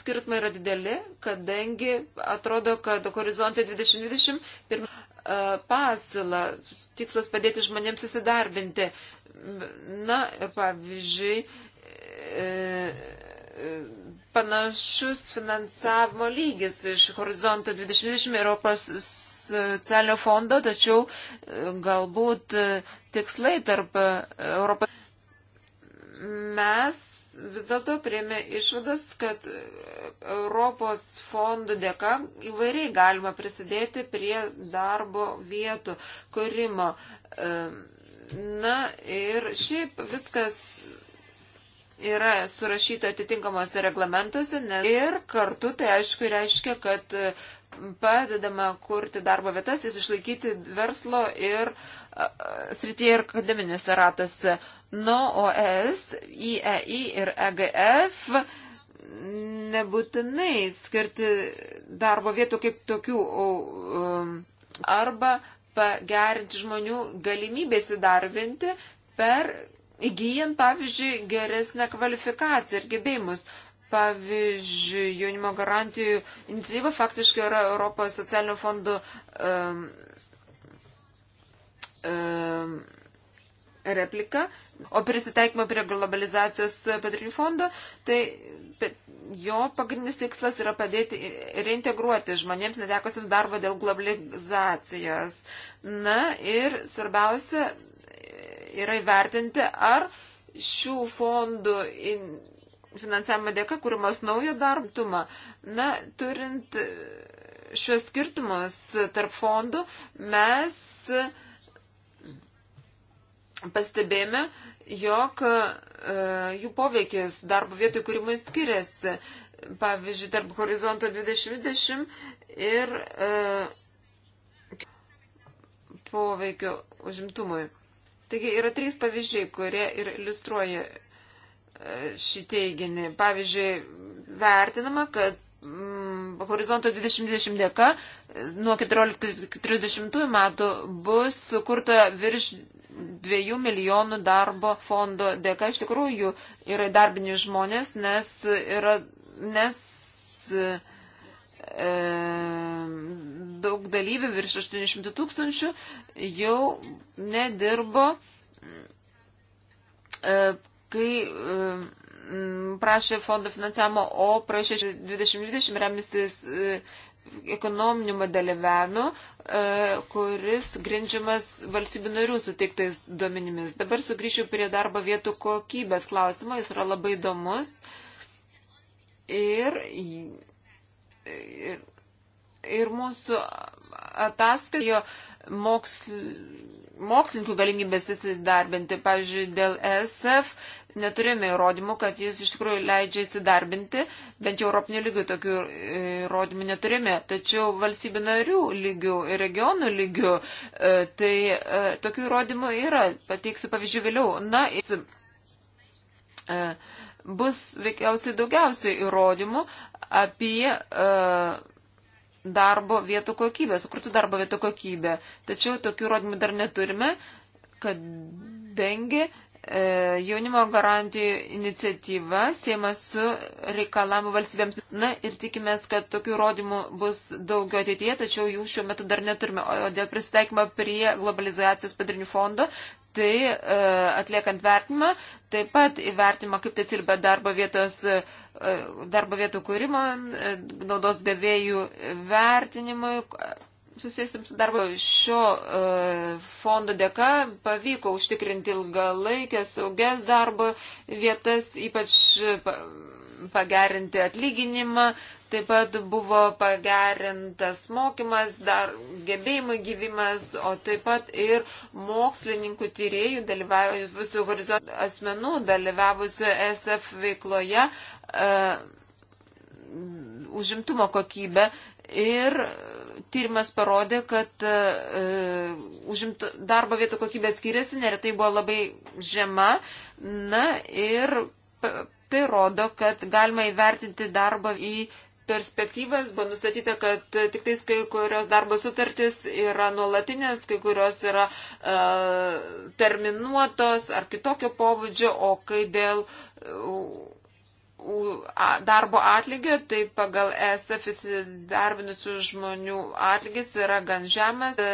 [SPEAKER 1] skirtumai yra dideli, kadangi atrodo, kad horizontai 2020 pirma, pasiūlą, tikslas padėti žmonėms įsidarbinti. Na, pavyzdžiui, e, e, panašus finansavimo lygis iš Horizonto 2020 Europos socialinio fondo, tačiau e, galbūt tikslai tarp Europos. Mes vis dėlto priemė išvadas, kad e, Europos fondų dėka įvairiai galima prisidėti prie darbo vietų kūrimo. E, na ir šiaip viskas yra surašyta atitinkamuose reglamentuose nes... ir kartu tai aišku reiškia, kad padedama kurti darbo vietas, jis išlaikyti verslo ir uh, srityje ir akademinėse ratose. Nu, o ES, IEI ir EGF nebūtinai skirti darbo vietų kaip tokių um, arba pagerinti žmonių galimybę įsidarbinti per įgyjant, pavyzdžiui, geresnę kvalifikaciją ir gebėjimus. Pavyzdžiui, jaunimo garantijų iniciatyva faktiškai yra Europos socialinio fondo um, Um, replika, o prisitaikymo prie globalizacijos padarinių fondo, tai jo pagrindinis tikslas yra padėti reintegruoti žmonėms netekusiam darbo dėl globalizacijos. Na ir svarbiausia yra įvertinti, ar šių fondų in, finansavimo dėka kūrimas naujo darbtumą. Na, turint šios skirtumus tarp fondų, mes uh, pastebėjome, jog e, jų poveikis darbo vietų kūrimui skiriasi. Pavyzdžiui, tarp horizonto 2020 ir e, poveikio užimtumui. Taigi yra trys pavyzdžiai, kurie ir iliustruoja e, šį teiginį. Pavyzdžiui, vertinama, kad mm, horizonto 2020 dėka nuo 14-30 metų bus sukurta virš 2 milijonų darbo fondo dėka iš tikrųjų yra darbini žmonės, nes yra, nes e, daug dalyvių virš 800 tūkstančių jau nedirbo, e, kai e, prašė fondo finansavimo, o prašė 2020 remistis e, ekonominiu modeliavimu, E, kuris grindžiamas valstybių narių sutiktais duomenimis. Dabar sugrįšiu prie darbo vietų kokybės klausimo, jis yra labai įdomus. Ir, ir, ir mūsų ataskaitoje moksl, mokslininkų galimybės įsidarbinti, pavyzdžiui, dėl ESF neturėjome įrodymų, kad jis iš tikrųjų leidžia įsidarbinti, bent jau Europinio lygių tokių įrodymų neturėjome, tačiau valstybių narių lygių ir regionų lygių, e, tai e, tokių įrodymų yra, pateiksiu pavyzdžių vėliau. Na, jis, e, bus veikiausiai daugiausiai įrodymų apie darbo vietų kokybę, sukurtų darbo vietų kokybę. Tačiau tokių įrodymų dar neturime, kadangi uh, E, jaunimo garantijų iniciatyva siema su reikalavimu valstybėms. Na ir tikimės, kad tokių rodymų bus daugiau ateityje, tačiau jų šiuo metu dar neturime. O dėl prisitaikymo prie globalizacijos padarinių fondo, tai e, atliekant vertimą, taip pat įvertimą, kaip tai atsiliepia darbo vietos e, darbo vietų kūrimo, naudos gavėjų vertinimui, susijusim su darbo šio e, fondo dėka pavyko užtikrinti ilgalaikės saugias darbo vietas, ypač pagerinti atlyginimą, taip pat buvo pagerintas mokymas, dar gebėjimų gyvimas, o taip pat ir mokslininkų tyriejų dalyvavusių horizontų asmenų dalyvavusių SF veikloje. E, užimtumo kokybę ir tyrimas parodė, kad e, užimt, darbo vietų kokybė skiriasi, neretai buvo labai žema. Na ir tai rodo, kad galima įvertinti darbą į perspektyvas. Buvo nustatyta, kad tik tais kai kurios darbo sutartys yra nuolatinės, kai kurios yra e, terminuotos ar kitokio pobūdžio, o kai dėl. E, darbo atlygio, tai pagal ESF įsidarbinusių žmonių atlygis yra gan žemas. E,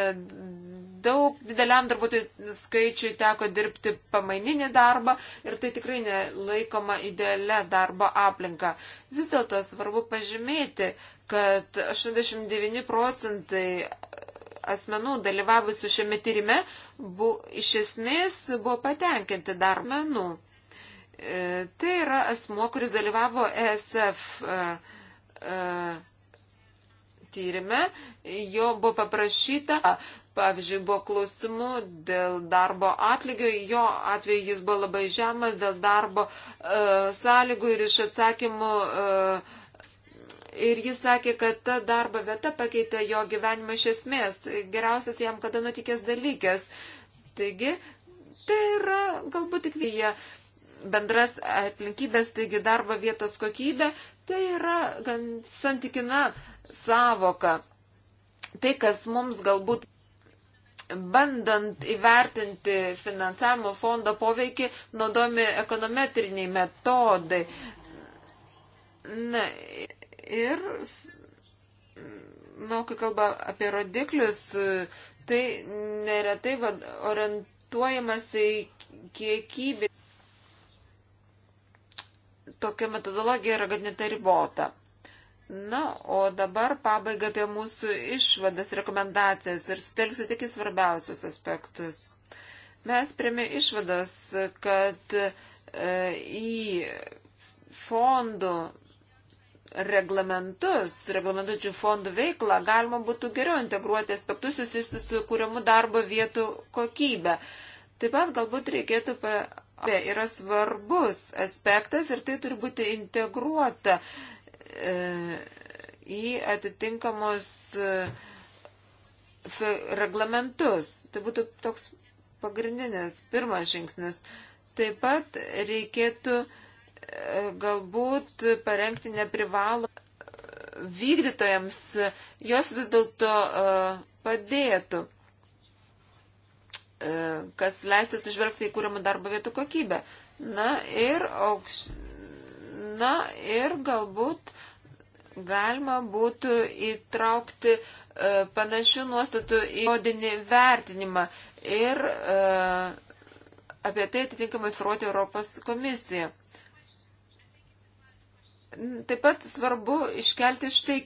[SPEAKER 1] daug dideliam darbuotojų skaičiui teko dirbti pamaininį darbą ir tai tikrai nelaikoma idealia darbo aplinka. Vis dėlto svarbu pažymėti, kad 89 procentai asmenų dalyvavusių šiame tyrime bu, iš esmės buvo patenkinti darbmenų. E, tai yra asmo, kuris dalyvavo ESF e, e, tyrime. Jo buvo paprašyta, pavyzdžiui, buvo klausimų dėl darbo atlygio. Jo atveju jis buvo labai žemas dėl darbo sąlygų ir iš atsakymų. Ir jis sakė, kad ta darbo vieta pakeitė jo gyvenimą iš esmės. Geriausias jam kada nutikęs dalykas. Taigi, tai yra galbūt tik vyja. Uh, bendras aplinkybės, taigi darbo vietos kokybė, tai yra gan santikina savoka. Tai, kas mums galbūt bandant įvertinti finansavimo fondo poveikį, naudomi ekonometriniai metodai. Na, ir, na, nu, kai kalba apie rodiklius, tai neretai orientuojamas į kiekybį tokia metodologija yra ganėtai ribota. Na, o dabar pabaiga apie mūsų išvadas, rekomendacijas ir sutelksiu tik į svarbiausius aspektus. Mes priemi išvados, kad e, į fondų reglamentus, reglamentuočių fondų veiklą galima būtų geriau integruoti aspektus susijusius su kūriamu darbo vietų kokybė. Taip pat galbūt reikėtų grupė yra svarbus aspektas ir tai turi būti integruota e, į atitinkamos e, reglamentus. Tai būtų toks pagrindinis pirmas žingsnis. Taip pat reikėtų e, galbūt parengti neprivalo vykdytojams, jos vis dėlto padėtų. E, kas leistų atsižvelgti į kūrimų darbo vietų kokybę. Na ir, aukš... Na, ir galbūt galima būtų įtraukti e, panašių nuostatų į kodinį vertinimą ir e, apie tai atitinkamai informuoti Europos komisiją. Taip pat svarbu iškelti štai,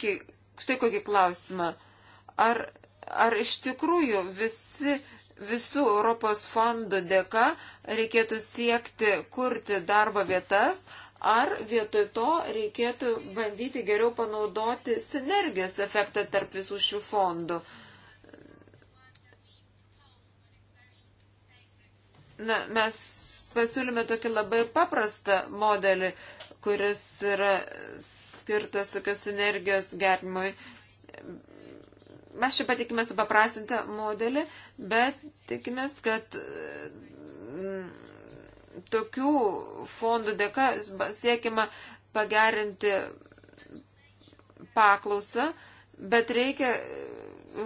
[SPEAKER 1] štai kokį klausimą. Ar, ar iš tikrųjų visi visų Europos fondų dėka reikėtų siekti kurti darbo vietas, ar vietoj to reikėtų bandyti geriau panaudoti sinergijos efektą tarp visų šių fondų. Na, mes pasiūlėme tokį labai paprastą modelį, kuris yra skirtas tokios sinergijos gerimui Mes čia patikime supaprastintą modelį, bet tikimės, kad mm, tokių fondų dėka siekiama pagerinti paklausą, bet reikia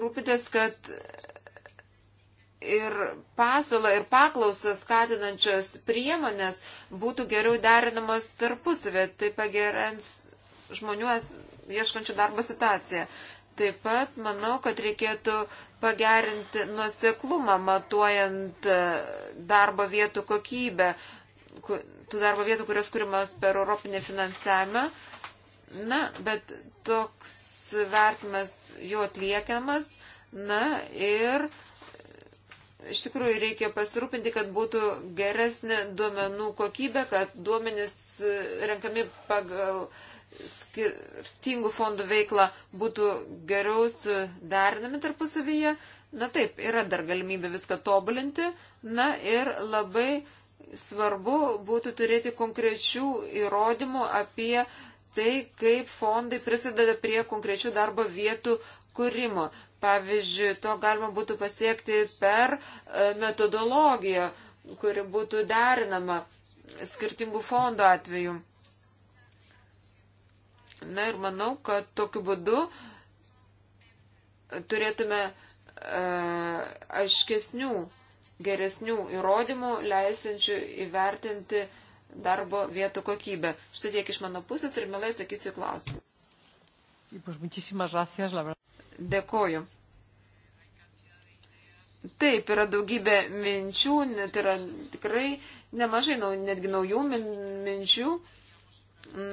[SPEAKER 1] rūpytis, kad ir pasiūlą, ir paklausą skatinančios priemonės būtų geriau derinamos tarpusavė, tai pagerins žmonių ieškančių darbo situaciją. Taip pat manau, kad reikėtų pagerinti nuoseklumą, matuojant e, darbo vietų kokybę, tų darbo vietų, kurios kūrimas per Europinį finansavimą. Na, bet toks vertimas jo atliekiamas. Na ir uh, iš tikrųjų reikia pasirūpinti, kad būtų geresnė duomenų kokybė, kad duomenys e, renkami pagal skirtingų fondų veiklą būtų geriau suderinami tarpusavyje. Na taip, yra dar galimybė viską tobulinti. Na ir labai svarbu būtų turėti konkrečių įrodymų apie tai, kaip fondai prisideda prie konkrečių darbo vietų kūrimo. Pavyzdžiui, to galima būtų pasiekti per e, metodologiją, kuri būtų derinama skirtingų fondų atveju. Na ir manau, kad tokiu būdu turėtume e, aiškesnių, geresnių įrodymų, leisinčių įvertinti darbo vietų kokybę. Štai tiek iš mano pusės ir mielai atsakysiu klausimą. Dėkoju. Taip, yra daugybė minčių, net yra tikrai nemažai, nau, netgi naujų min, minčių.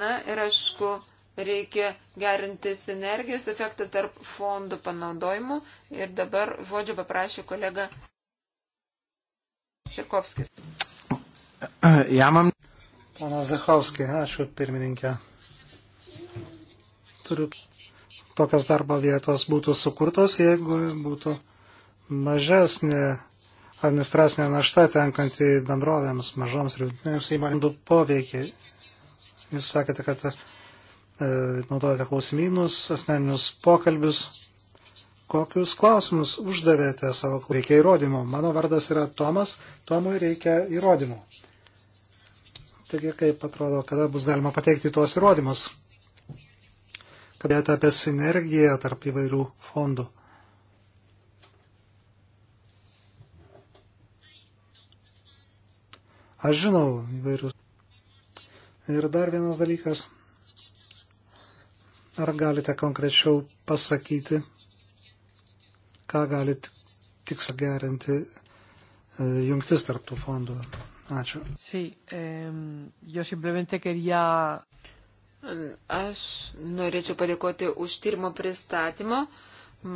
[SPEAKER 1] Na ir aišku, reikia gerinti sinergijos efektą tarp fondų panaudojimų. Ir dabar žodžio paprašė kolega Čekovskis. Jamam. Panas
[SPEAKER 3] Zachovskis, ačiū pirmininkė. Turiu tokios darbo vietos būtų sukurtos, jeigu būtų mažesnė administracinė našta tenkanti bendrovėms, mažoms ir vidutinėms įmonėms du poveikiai. Jūs sakėte, kad e, naudojate klausimynus, asmeninius pokalbius. Kokius klausimus uždavėte savo klausimą? Reikia įrodymų. Mano vardas yra Tomas, Tomui reikia įrodymų. Taigi, kaip atrodo, kada bus galima pateikti tuos įrodymus? kalbėjote apie sinergiją tarp įvairių fondų. Aš žinau įvairius. Ir dar vienas dalykas. Ar galite konkrečiau pasakyti, ką gali tik sagerinti e, jungtis tarptų fondų? Ačiū.
[SPEAKER 1] Sí, eh, yo simplemente quería... Aš norėčiau padėkoti už tyrimo pristatymą.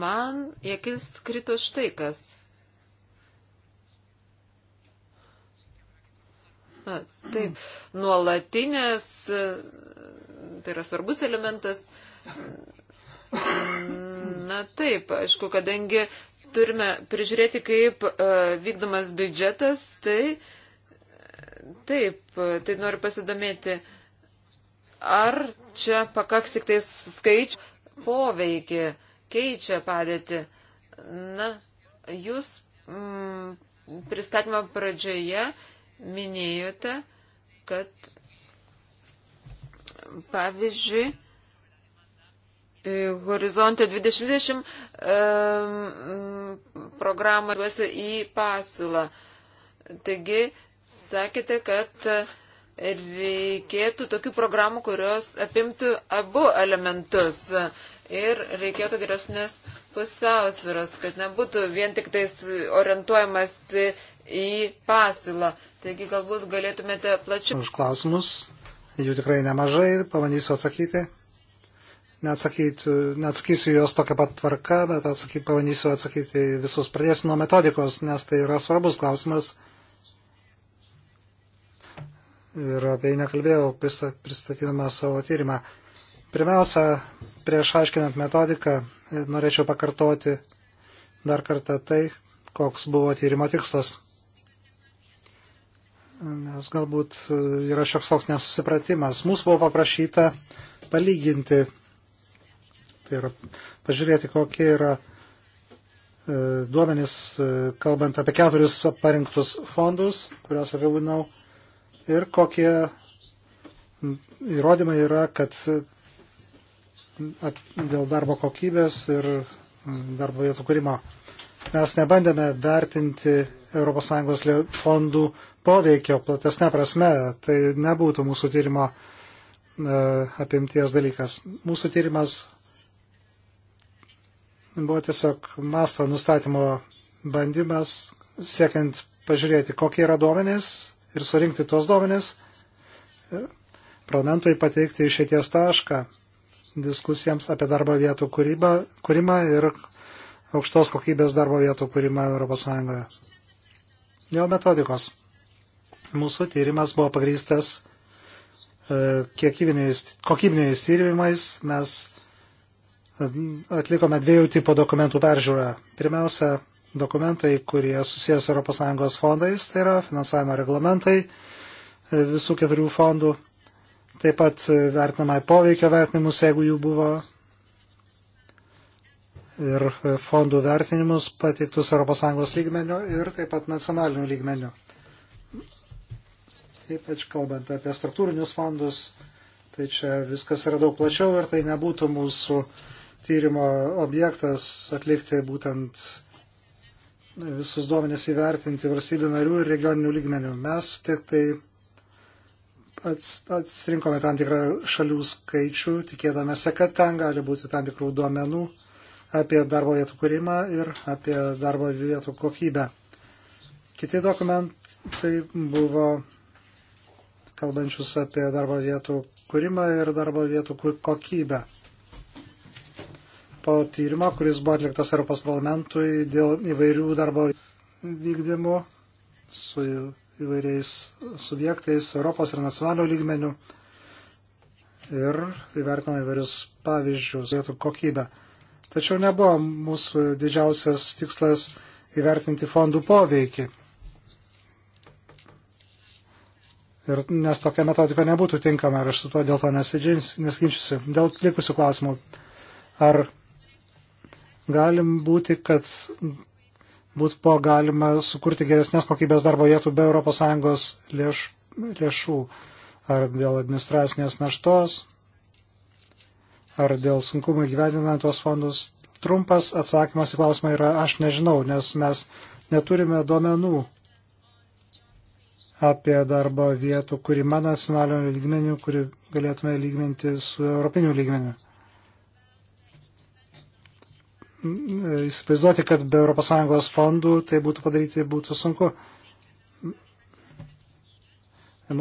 [SPEAKER 1] Man jėkis krito štai kas. Na, taip, nuolatinės, tai yra svarbus elementas. Na taip, aišku, kadangi turime prižiūrėti, kaip uh, vykdomas biudžetas, tai taip, tai noriu pasidomėti. Uh, Ar čia pakaks tik tais skaičių poveikį, keičia padėti? Na, jūs mm, pristatymo pradžioje minėjote, kad pavyzdžiui, Horizonte 2020 um, programą į pasiūlą. Taigi, sakėte, kad uh, reikėtų tokių programų, kurios apimtų abu elementus ir reikėtų geresnės pusiausviros, kad nebūtų vien tik tais orientuojamas į pasiūlą. Taigi galbūt galėtumėte plačiau. Už
[SPEAKER 3] klausimus, jų tikrai nemažai, pabandysiu atsakyti. Neatsakysiu juos tokia pat tvarka, bet atsaky, pabandysiu atsakyti visus. Pradėsiu nuo metodikos, nes tai yra svarbus klausimas ir apie jį nekalbėjau pristatydama savo tyrimą. Pirmiausia, prieš aiškinant metodiką, norėčiau pakartoti dar kartą tai, koks buvo tyrimo tikslas. Nes galbūt yra šioks toks nesusipratimas. Mūsų buvo paprašyta palyginti, tai yra pažiūrėti, kokie yra e, duomenys, e, kalbant apie keturis parinktus fondus, kuriuos apibūdinau ir kokie įrodymai yra, kad dėl darbo kokybės ir darbo vietų kūrimo. Mes nebandėme vertinti ES fondų poveikio platesnė prasme, tai nebūtų mūsų tyrimo e, apimties dalykas. Mūsų tyrimas buvo tiesiog masto nustatymo bandymas, siekiant pažiūrėti, kokie yra duomenys ir surinkti tuos duomenis, e, parlamentui pateikti išėties tašką diskusijams apie darbo vietų kūrybą, kūrimą ir aukštos kokybės darbo vietų kūrimą ES. Dėl metodikos. Mūsų tyrimas buvo pagrystas e, kokybiniais tyrimais. Mes e, atlikome dviejų tipo dokumentų peržiūrą. Pirmiausia, dokumentai, kurie susijęs ES fondais, tai yra finansavimo reglamentai visų keturių fondų, taip pat vertinamai poveikio vertinimus, jeigu jų buvo, ir fondų vertinimus pateiktus ES lygmeniu ir taip pat nacionaliniu lygmeniu. Ypač kalbant apie struktūrinius fondus, tai čia viskas yra daug plačiau ir tai nebūtų mūsų tyrimo objektas atlikti būtent visus duomenys įvertinti valstybių narių ir regioninių lygmenių. Mes tik tai atsirinkome tam tikrą šalių skaičių, tikėdamėse, kad ten gali būti tam tikrų duomenų apie darbo vietų kūrimą ir apie darbo vietų kokybę. Kiti dokumentai buvo kalbančius apie darbo vietų kūrimą ir darbo vietų kokybę po tyrimo, kuris buvo atliktas Europos parlamentui dėl įvairių darbo vykdymų su įvairiais subjektais Europos ir nacionalio lygmenių ir įvertinome įvairius pavyzdžius, vietų kokybę. Tačiau nebuvo mūsų didžiausias tikslas įvertinti fondų poveikį. Ir nes tokia metodika nebūtų tinkama ir aš su tuo dėl to nesiginčiusiu. Dėl likusių klausimų. Ar Galim būti, kad būt po galima sukurti geresnės kokybės darbo vietų be ES lėš, lėšų ar dėl administracinės naštos, ar dėl sunkumų gyveninant tuos fondus. Trumpas atsakymas į klausimą yra aš nežinau, nes mes neturime duomenų apie darbo vietų kūrimą nacionaliniu lygmeniu, kurį galėtume lygminti su europiniu lygmeniu įsivaizduoti, kad be ES fondų tai būtų padaryti būtų sunku.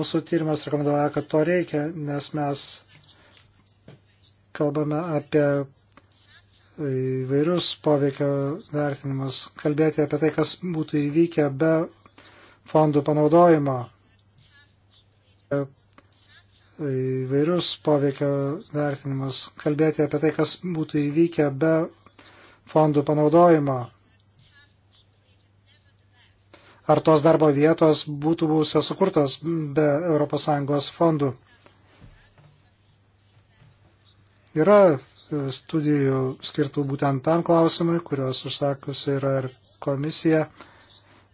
[SPEAKER 3] Mūsų tyrimas rekomenduoja, kad to reikia, nes mes kalbame apie įvairius poveikio vertinimus, kalbėti apie tai, kas būtų įvykę be fondų panaudojimo, įvairius poveikio vertinimus, kalbėti apie tai, kas būtų įvykę be fondų panaudojimo. Ar tos darbo vietos būtų būsios sukurtos be ES fondų? Yra studijų skirtų būtent tam klausimui, kurios užsakusi yra ir komisija,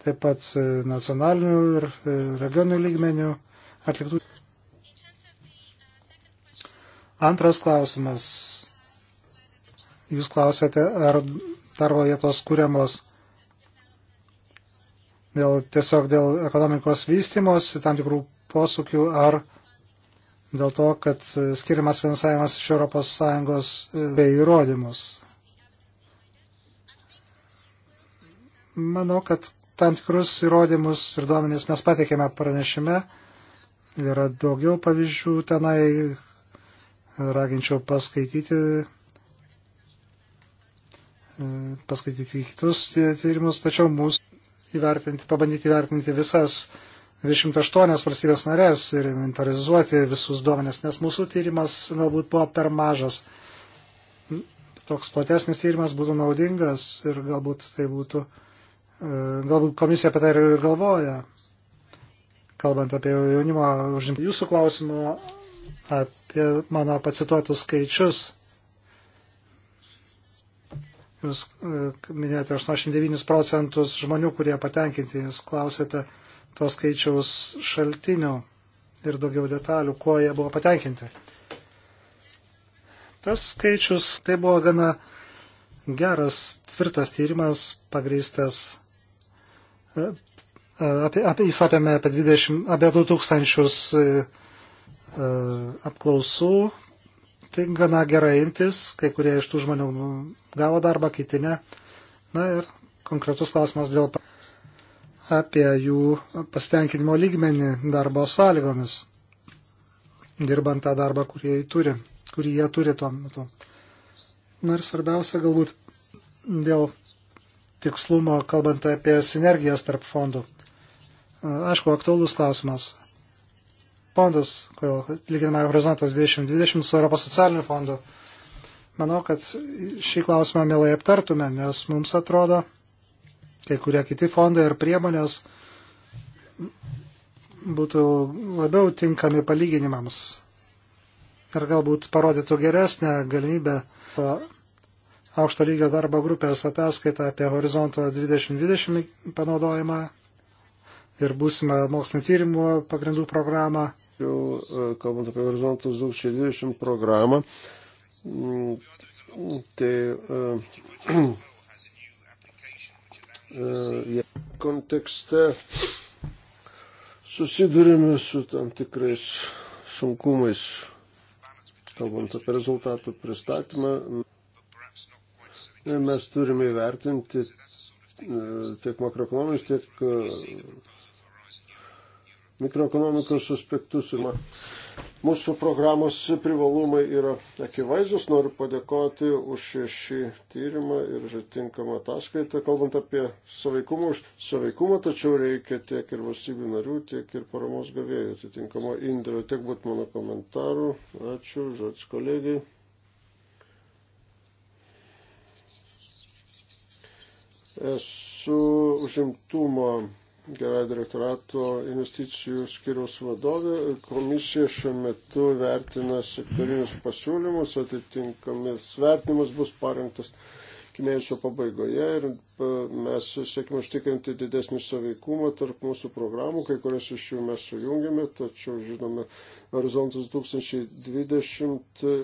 [SPEAKER 3] taip pat nacionalinių ir regioninių lygmenių atliktų. Antras klausimas Jūs klausėte, ar darbo vietos kūriamos dėl, tiesiog dėl ekonomikos vystimos, tam tikrų posūkių, ar dėl to, kad skiriamas finansavimas iš ES e, bei įrodymus. Manau, kad tam tikrus įrodymus ir duomenys mes pateikėme pranešime. Yra daugiau pavyzdžių tenai, raginčiau paskaityti paskaityti kitus tyrimus, tačiau mūsų įvertinti, pabandyti įvertinti visas 28 valstybės narės ir inventorizuoti visus duomenės, nes mūsų tyrimas galbūt buvo per mažas. Toks platesnis tyrimas būtų naudingas ir galbūt tai būtų, e, galbūt komisija apie tai ir galvoja, kalbant apie jaunimo užimtą. Jūsų klausimo apie mano pacituotus skaičius jūs e, minėjote 89 procentus žmonių, kurie patenkinti, jūs klausėte to skaičiaus šaltinių ir daugiau detalių, kuo jie buvo patenkinti. Tas skaičius tai buvo gana geras, tvirtas tyrimas, pagrįstas. E, e, apie, apie, jis apėmė apie, 20, apie 2000 apklausų, tai gana gerai imtis, kai kurie iš tų žmonių nu, gavo darbą, kiti ne. Na ir konkretus klausimas dėl apie jų pasitenkinimo lygmenį darbo sąlygomis, dirbant tą darbą, kurį jie turi, kurį jie turi tuo metu. Na ir svarbiausia galbūt dėl tikslumo, kalbant apie sinergijas tarp fondų. Aišku, aktualus klausimas fondus, lyginame horizontas 2020 su Europos socialiniu fondu. Manau, kad šį klausimą mielai aptartume, nes mums atrodo, kai kurie kiti fondai ir priemonės būtų labiau tinkami palyginimams ir galbūt parodytų geresnę galimybę aukšto lygio darbo grupės ataskaitą apie horizonto 2020 panaudojimą ir būsime mokslinio tyrimų pagrindų programą.
[SPEAKER 2] Jau e, kalbant apie horizontus 2020 programą, mm, tai uh, [clears throat] kontekste susidurime su tam tikrais sunkumais, kalbant apie rezultatų pristatymą. Mes turime įvertinti tiek makroekonominius, tiek mikroekonomikos aspektus. Ir man, mūsų programos privalumai yra akivaizdus. Noriu padėkoti už šį tyrimą ir už atinkamą ataskaitą, kalbant apie saveikumą, už saveikumą, tačiau reikia tiek ir valstybių narių, tiek ir paramos gavėjų atitinkamo indėlio. Tiek būtų mano komentarų. Ačiū, žodis kolegai. Esu užimtumo generalinio direktorato investicijų skiriaus vadovė. Komisija šiuo metu vertina sektorinius pasiūlymus, atitinkamis vertinimas bus parengtas iki mėnesio pabaigoje ir e, mes siekime užtikrinti didesnį saveikumą tarp mūsų programų, kai kurias iš jų mes sujungiame, tačiau žinome, Horizontas 2020 e,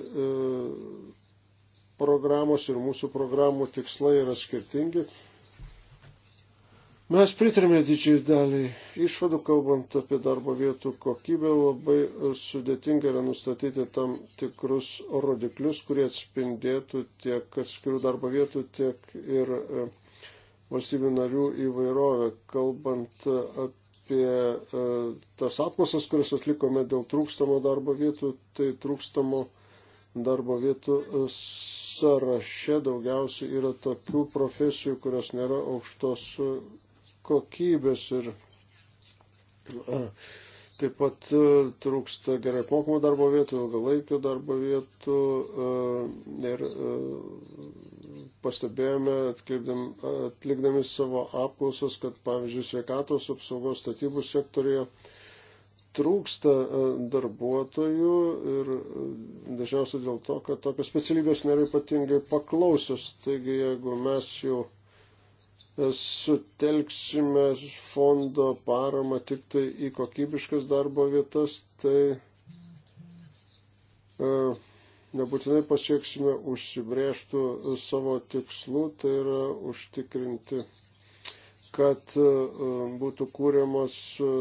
[SPEAKER 2] programos ir mūsų programų tikslai yra skirtingi. Mes pritarėme didžiai daliai išvadų, kalbant apie darbo vietų kokybę, labai sudėtinga yra nustatyti tam tikrus rodiklius, kurie atspindėtų tiek atskirų darbo vietų, tiek ir e, valstybių narių įvairovę. Kalbant e, apie e, tas apklausas, kurias atlikome dėl trūkstamo darbo vietų, tai trūkstamo darbo vietų sąraše daugiausiai yra tokių profesijų, kurios nėra aukštos kokybės ir taip pat trūksta gerai apmokamų darbo vietų, ilgalaikių darbo vietų ir pastebėjome, atlikdami savo apklausas, kad pavyzdžiui sveikatos apsaugos statybų sektorija trūksta darbuotojų ir dažniausiai dėl to, kad tokios specialybės nėra ypatingai paklausios. Taigi, jeigu mes jau sutelksime fondo paramą tik tai į kokybiškas darbo vietas, tai e, nebūtinai pasieksime užsibrėžtų savo tikslų, tai yra užtikrinti, kad e, būtų kūriamos e,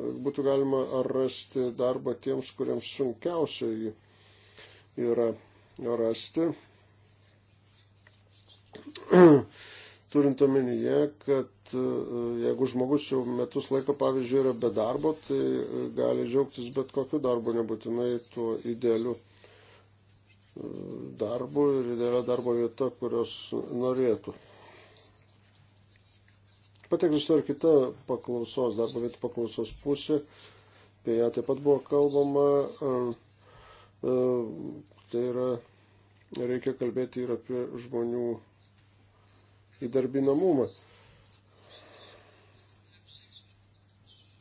[SPEAKER 2] būtų galima rasti darbą tiems, kuriems sunkiausia jį yra rasti. [clears throat] turint omenyje, kad e, jeigu žmogus jau metus laiko, pavyzdžiui, yra be darbo, tai e, gali džiaugtis bet kokiu darbu, nebūtinai tuo idealiu e, darbu ir idealia darbo vieta, kurios norėtų. Patekristo ir kita paklausos, darbo vietų paklausos pusė, apie ją taip pat buvo kalbama, tai yra, reikia kalbėti ir apie žmonių įdarbinamumą.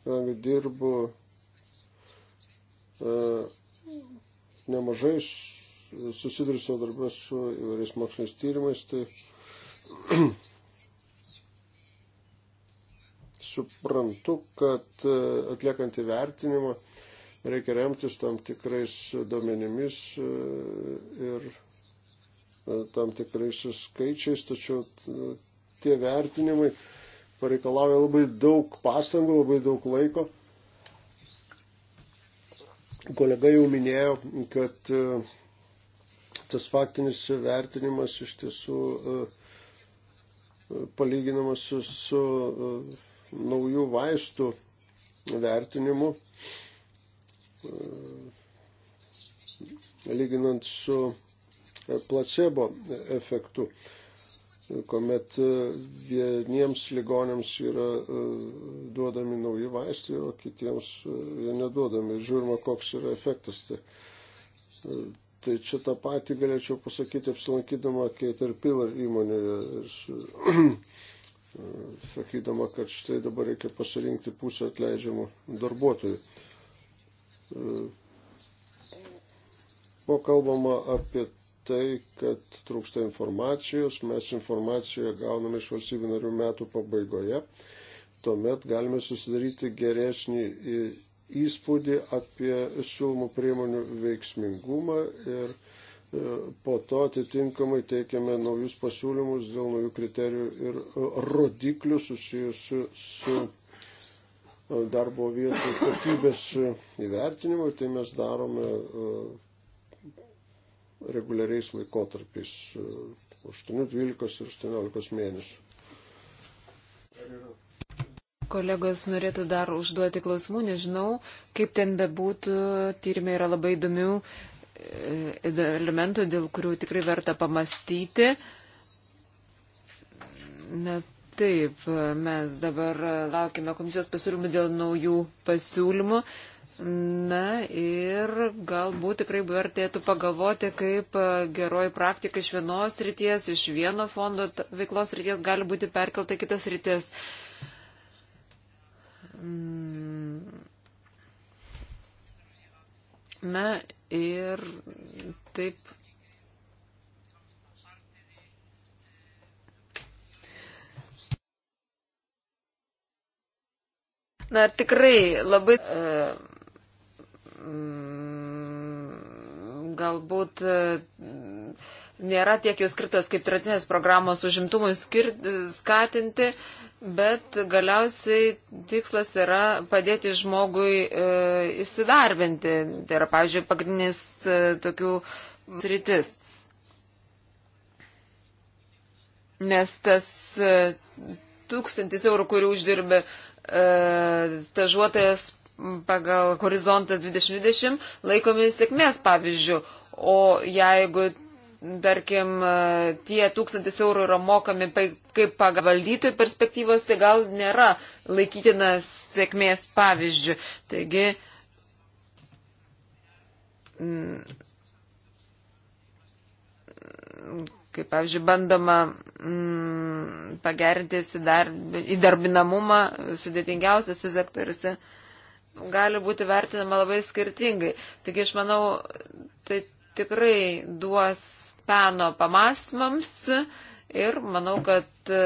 [SPEAKER 2] Kadangi dirbu e, nemažai susiduriu savo darbę su įvairiais moksliniais tyrimais, tai [clears throat] suprantu, kad e, atliekant įvertinimą reikia remtis tam tikrais duomenimis e, ir tam tikrais skaičiais, tačiau nu, tie vertinimai pareikalauja labai daug pastangų, labai daug laiko. Kolega jau minėjo, kad e, tas faktinis vertinimas iš tiesų e, palyginamas su, su e, naujų vaistų vertinimu, lyginant su placebo efektu, kuomet e, vieniems ligonėms yra e, duodami nauji vaistai, o kitiems e, jie neduodami. Žiūrima, koks yra efektas. Tai, tai čia tą patį galėčiau pasakyti apsilankydama Caterpillar įmonėje. Aš, [clears throat] sakydama, kad štai dabar reikia pasirinkti pusę atleidžiamų darbuotojų. Buvo kalbama apie tai, kad trūksta informacijos, mes informaciją gauname iš valstybių narių metų pabaigoje, tuomet galime susidaryti geresnį įspūdį apie siūlomų priemonių veiksmingumą ir e, po to atitinkamai teikiame naujus pasiūlymus dėl naujų kriterijų ir e, rodiklių susijusių su e, darbo vietų kokybės įvertinimu, tai mes darome reguliariais laikotarpiais 8, e, 12 ir 18 mėnesių.
[SPEAKER 1] Kolegos norėtų dar užduoti klausimų, nežinau, kaip ten bebūtų, tyrimė yra labai įdomių e, elementų, dėl kurių tikrai verta pamastyti. Na taip, mes dabar laukime komisijos pasiūlymų dėl naujų pasiūlymų. Uh, Na ir galbūt tikrai vertėtų pagalvoti, kaip e, geroji praktika iš vienos ryties, iš vieno fondo veiklos ryties gali būti perkelta į kitas ryties. Mm. Na ir taip. Na ir tikrai labai. Uh, Mm, galbūt e, nėra tiek jau skirtas kaip tradicinės programos užimtumui skir... skatinti, bet galiausiai tikslas yra padėti žmogui e, įsidarbinti. Tai yra, pavyzdžiui, pagrindinis e, tokių sritis. Nes tas e, tūkstantis eurų, kurių uždirbė e, stažuotojas pagal horizontas 2020 laikomi sėkmės pavyzdžių, o jeigu tarkim, tie tūkstantis eurų yra mokami kaip pagal valdytojų perspektyvos, tai gal nėra laikytinas sėkmės pavyzdžių. Taigi, mm, kaip pavyzdžiui, bandoma mm, pagerinti įdarbinamumą sudėtingiausiose sektoriuose. Se gali būti vertinama labai skirtingai. Taigi, aš manau, tai tikrai duos peno pamastymams ir manau, kad e,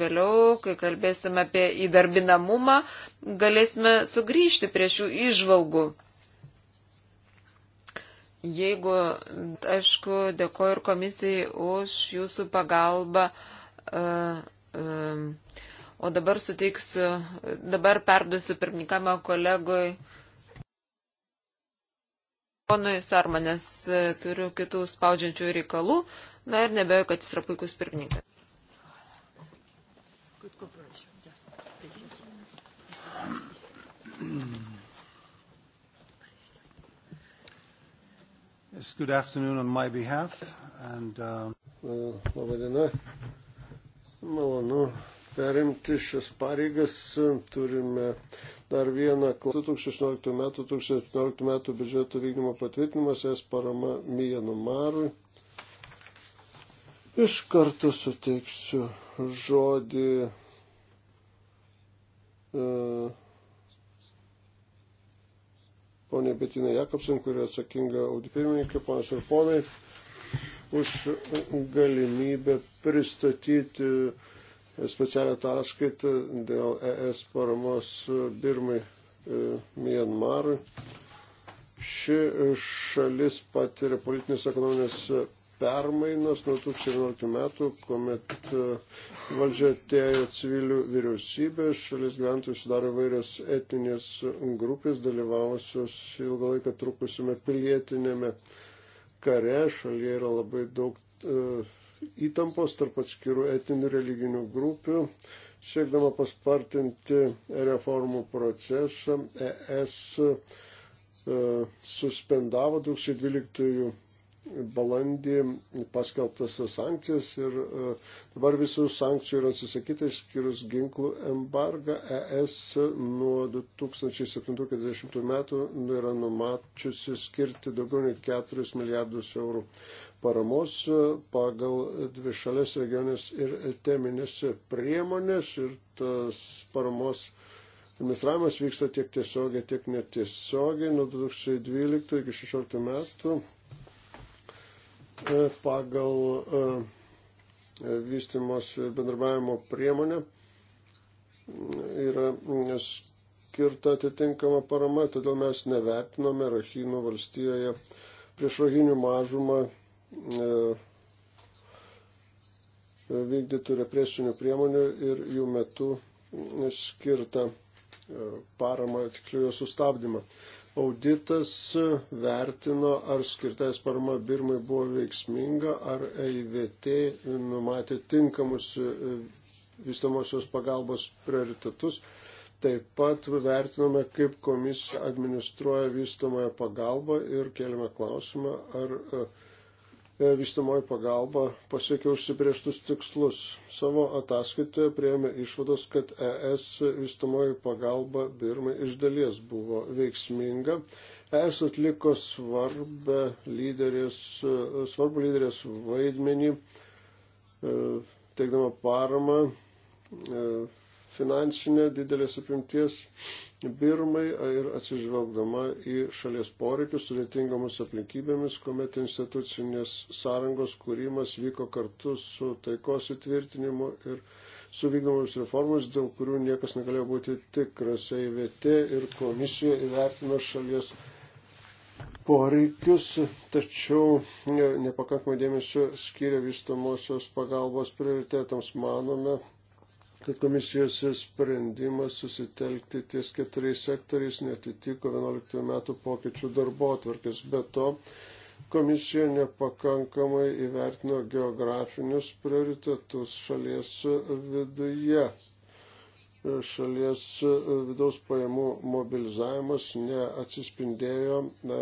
[SPEAKER 1] vėliau, kai kalbėsime apie įdarbinamumą, galėsime sugrįžti prie šių išvalgų. Jeigu, aišku, dėkoju ir komisijai už jūsų pagalbą. Uh, uh, O dabar suteiksiu, dabar perduosiu pirmininkamą kolegui ponui Sarma, nes e, turiu kitų spaudžiančių reikalų. Na ir nebejoju, kad jis yra puikus pirmininkas.
[SPEAKER 2] Yes, good afternoon on my behalf. And, uh... Labadiena. Malonu perimti šias pareigas. Turime dar vieną 2016 metų, 2017 metų biudžeto vykdymo patvirtinimas, es parama Mijanumarui. Iš karto suteiksiu žodį. Uh, e, ponė Betina Jakobsen, kuri atsakinga audipirmininkė, ponas ir ponai, už galimybę pristatyti uh, specialią ataskaitą dėl ES paramos e, Birmai e, Mienmarui. Ši šalis patiria politinės ekonominės permainas nuo 2011 metų, kuomet e, valdžia atėjo civilių vyriausybė, šalis gyventojų sudarė vairios etninės grupės, dalyvavusios ilgą laiką trukusiame pilietinėme kare, šalyje yra labai daug įtampos tarp atskirų etinių religinių grupių. Siekdama paspartinti reformų procesą, ES e, suspendavo 2012 balandį paskelbtas sankcijas ir e, dabar visų sankcijų yra atsisakyta išskyrus ginklų embargą. ES nuo 2007-2040 metų yra numačiusi skirti daugiau nei 4 milijardus eurų paramos e, pagal dvišalės regionės ir teminės priemonės ir tas paramos administravimas vyksta tiek tiesiogiai, tiek netiesiogiai nuo 2012 iki 2016 metų e, pagal e, vystimos bendravimo priemonę yra skirta atitinkama parama, todėl mes nevertinome Rahino valstijoje prieš Rahinių mažumą E, vykdytų represinių priemonių ir jų metu skirtą e, paramą, tiksliau jo sustabdymą. Auditas vertino, ar skirtais parama Birmai buvo veiksminga, ar EIVT numatė tinkamus e, vystamosios pagalbos prioritetus. Taip pat vertiname, kaip komisija administruoja vystamąją pagalbą ir keliame klausimą, ar uh, E, vystumoji pagalba pasiekė užsibrieštus tikslus. Savo ataskaitoje prieėmė išvados, kad ES vystumoji pagalba Birmai iš dalies buvo veiksminga. ES atliko svarbę lyderės, e, svarbų lyderės vaidmenį, e, teikdama paramą finansinę didelės apimties Birmai ir atsižvelgdama į šalies poreikius sudėtingomis aplinkybėmis, kuomet institucinės sąrangos kūrimas vyko kartu su taikos įtvirtinimu ir su vykdomomis reformomis, dėl kurių niekas negalėjo būti tikras. EIVT ir komisija įvertino šalies poreikius, tačiau nepakankamai dėmesio skiria vystamosios pagalbos prioritetams. Manome, kad komisijos sprendimas susitelkti ties keturiais sektoriais netitiko 11 metų pokyčių darbo atvarkės. Be to, komisija nepakankamai įvertino geografinius prioritetus šalies viduje. Šalies vidaus pajamų mobilizavimas neatsispindėjo ne,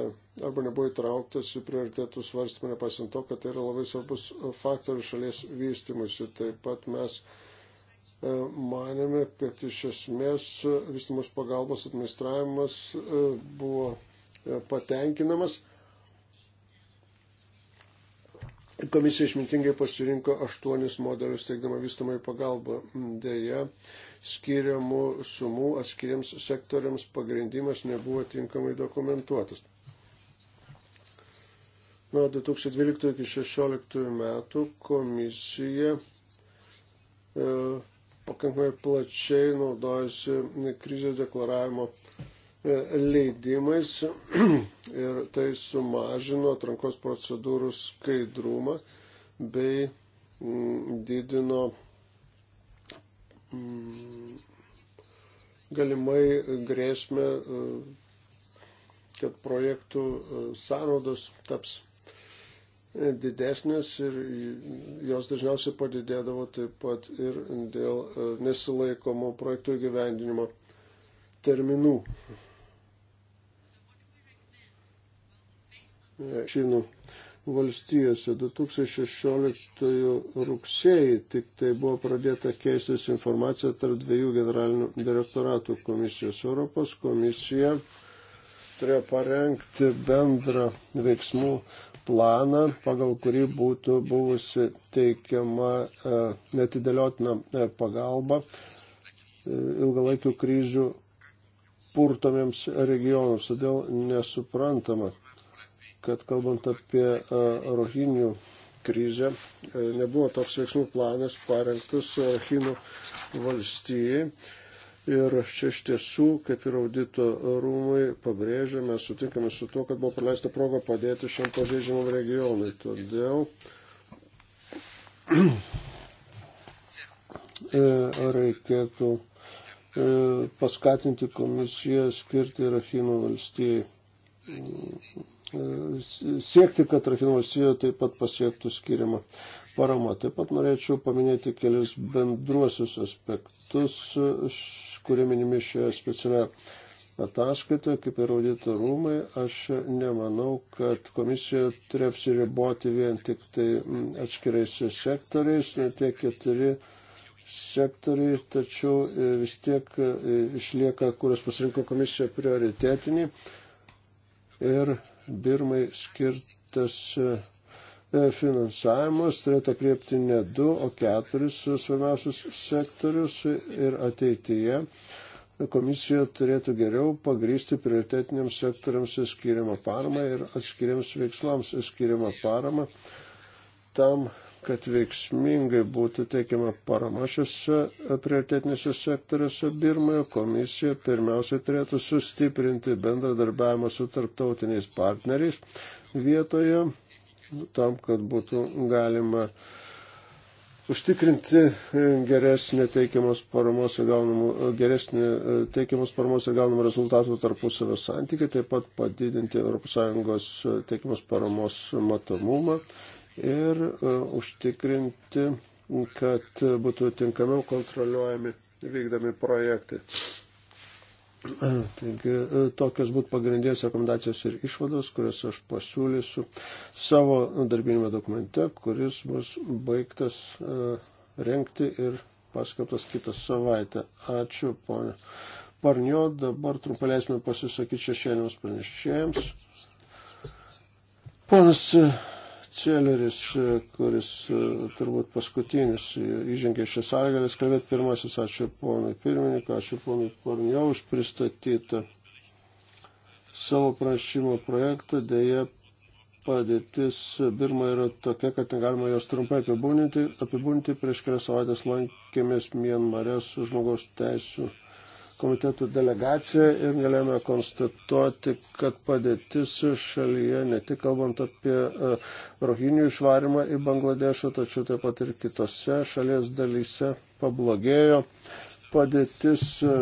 [SPEAKER 2] arba nebuvo įtrauktas į prioritėtų svarstymą, nepasint to, kad tai yra labai svarbus faktorius šalies vystimusi. Taip pat mes E, manėme, kad iš esmės vystimos pagalbos administravimas e, buvo e, patenkinamas. Komisija išmintingai pasirinko aštuonis modelius teikdama vystamai pagalbą. Deja, skiriamų sumų atskiriams sektoriams pagrindimas nebuvo tinkamai dokumentuotas. Nuo 2012 iki 2016 metų komisija e, pakankamai plačiai naudojasi krizės deklaravimo e, leidimais [clears throat] ir tai sumažino atrankos procedūrų skaidrumą bei mm, didino mm, galimai grėsmę, e, kad projektų e, sąnaudos taps didesnės ir jos dažniausiai padidėdavo taip pat ir dėl e, nesilaikomų projektų įgyvendinimo terminų. Žinau, valstijose 2016 rugsėjai tik tai buvo pradėta keistis informacija tarp dviejų generalinių direktoratų komisijos. Europos komisija turėjo parengti bendrą veiksmų planą, pagal kurį būtų buvusi teikiama e, netidėliotina e, pagalba e, ilgalaikių kryžių purtomiems regionams. Todėl nesuprantama, kad kalbant apie rohinių krizę, nebuvo toks veiksmų planas parengtas rohinų valstijai Ir čia iš tiesų, kaip ir audito rūmai pabrėžiame, sutinkame su tuo, kad buvo praleista proga padėti šiam pažeidžiamam regionui. Todėl [clears throat] e, reikėtų e, paskatinti komisiją skirti Rahino valstijai. E, siekti, kad Rahino valstijoje taip pat pasiektų skiriamą paramą. Taip pat norėčiau paminėti kelius bendruosius aspektus kurie minimi šioje specialioje ataskaitoje, kaip ir audito rūmai, aš nemanau, kad komisija turi apsiriboti vien tik tai atskirais sektoriais, ne tie keturi sektoriai, tačiau e, vis tiek e, išlieka, kurias pasirinko komisija prioritetinį ir Birmai skirtas e, E, finansavimas turėtų apriepti ne du, o keturis svarbiausius sektorius ir ateityje komisija turėtų geriau pagrysti prioritetiniams sektoriams skiriamą paramą ir atskiriams veikslams skiriamą paramą tam, kad veiksmingai būtų teikiama parama šiuose prioritetinėse sektoriuose Birmoje, komisija pirmiausiai turėtų sustiprinti bendradarbiavimą su tarptautiniais partneriais vietoje tam, kad būtų galima užtikrinti e, geresnį teikiamos paramos ir gaunamų, e, geresnį e, teikiamos paramos ir gaunamų rezultatų tarpusavio santykį, taip pat padidinti ES teikiamos paramos matomumą ir užtikrinti, kad būtų tinkamiau kontroliuojami vykdami projektai. Taigi tokios būtų pagrindinės rekomendacijos ir išvados, kurias aš pasiūlysiu savo darbinėme dokumente, kuris bus baigtas renkti ir paskelbtas kitą savaitę. Ačiū, ponė. Parnio, dabar trumpaleisime pasisakyti šešėliams pranešėjams. Ponas Celeris, kuris e, turbūt paskutinis e, įžengė šią sąlygą, jis kalbėt pirmasis, ačiū ponui pirmininkui, ačiū ponui Pornio už pristatytą savo prašymo projektą. Deja, padėtis Birma yra tokia, kad negalima jos trumpai apibūninti. apibūninti. Prieš kelias savaitės lankėmės Mienmare su žmogaus teisų komitetų delegacija ir galėjome konstatuoti, kad padėtis šalyje, ne tik kalbant apie e, rohinių išvarimą į Bangladešą, tačiau taip pat ir kitose šalies dalyse pablogėjo. Padėtis e,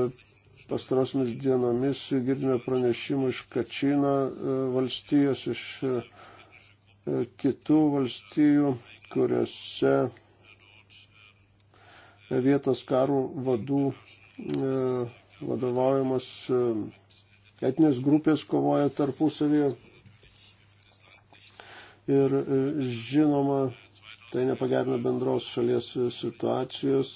[SPEAKER 2] pastarosiamis dienomis girdime pranešimų iš Kačino e, valstijos, iš kitų valstijų, kuriuose vietos karų vadų e, vadovaujamos e, etinės grupės kovoja tarpusavyje. Ir e, žinoma, tai nepagerina bendros šalies situacijos.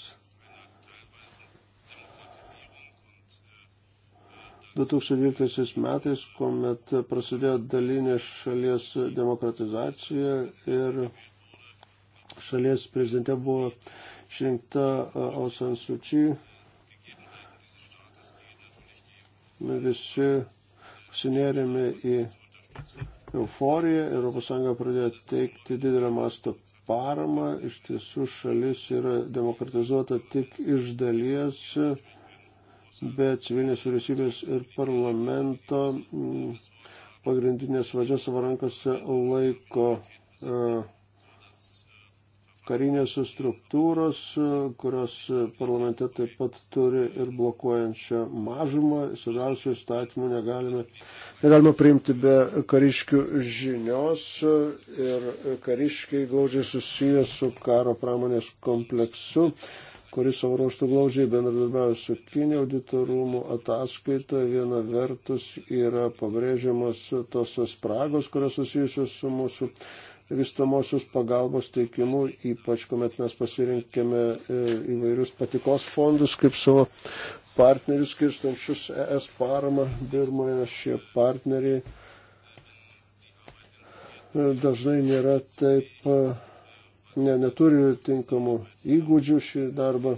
[SPEAKER 2] 2012 metais, kuomet prasidėjo dalinė šalies demokratizacija ir šalies prezidente buvo išrinkta e, Ausan Suči, visi pasinėrėme į euforiją ir ES pradėjo teikti didelę masto paramą. Iš tiesų šalis yra demokratizuota tik iš dalies, bet civilinės vyriausybės ir parlamento mm, pagrindinės valdžios savo rankose laiko. Uh, karinės struktūros, kurios parlamente taip pat turi ir blokuojančią mažumą. Svarbiausių įstatymų negalime, negalime priimti be kariškių žinios ir kariškiai glaudžiai susijęs su karo pramonės kompleksu kuris savo ruoštų glaudžiai bendradarbiauja su Kinė auditorumų ataskaita. Viena vertus yra pabrėžiamas tos spragos, kurios susijusios su mūsų vystamosios pagalbos teikimu, ypač kuomet mes pasirinkėme e, įvairius patikos fondus kaip savo partnerius skirstančius ES paramą Birmoje. Šie partneriai e, dažnai nėra taip, e, ne, neturi tinkamų įgūdžių šį darbą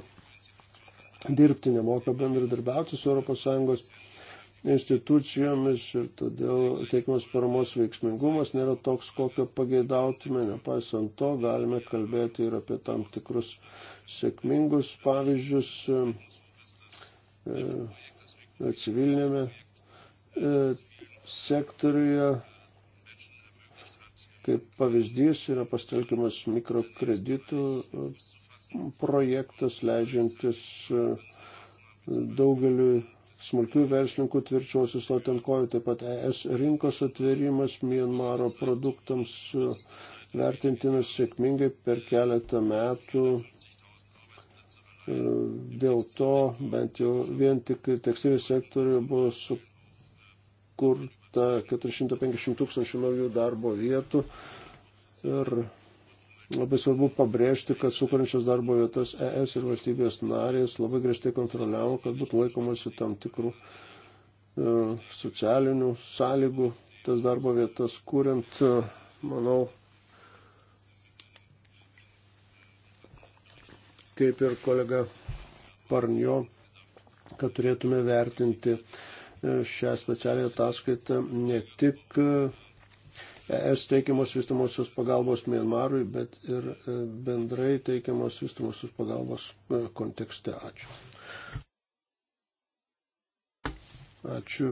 [SPEAKER 2] dirbti, nemoka bendradarbiauti su ES institucijomis ir todėl teikimas paramos veiksmingumas nėra toks, kokio pageidautume. Nepaisant to, galime kalbėti ir apie tam tikrus sėkmingus pavyzdžius e, e, civilinėme e, sektoriuje. Kaip pavyzdys yra pastelkiamas mikrokreditų projektas, leidžiantis daugeliu smulkių verslininkų tvirčiuosius lotenkojų, taip pat ES rinkos atvėrimas Mienmaro produktams e, vertintinas sėkmingai per keletą metų. E, dėl to bent jau vien tik tekstilės sektoriuje buvo sukurta 450 tūkstančių naujų darbo vietų ir Labai svarbu pabrėžti, kad sukūrinčios darbo vietas ES ir valstybės narės labai griežtai kontroliavo, kad būtų laikomasi tam tikrų e, socialinių sąlygų tas darbo vietas kuriant, e, manau, kaip ir kolega Parnio, kad turėtume vertinti e, šią specialią ataskaitą ne tik e, ES teikiamos vystamosios pagalbos Mienmarui, bet ir e, bendrai teikiamos vystamosios pagalbos e, kontekste. Ačiū. Ačiū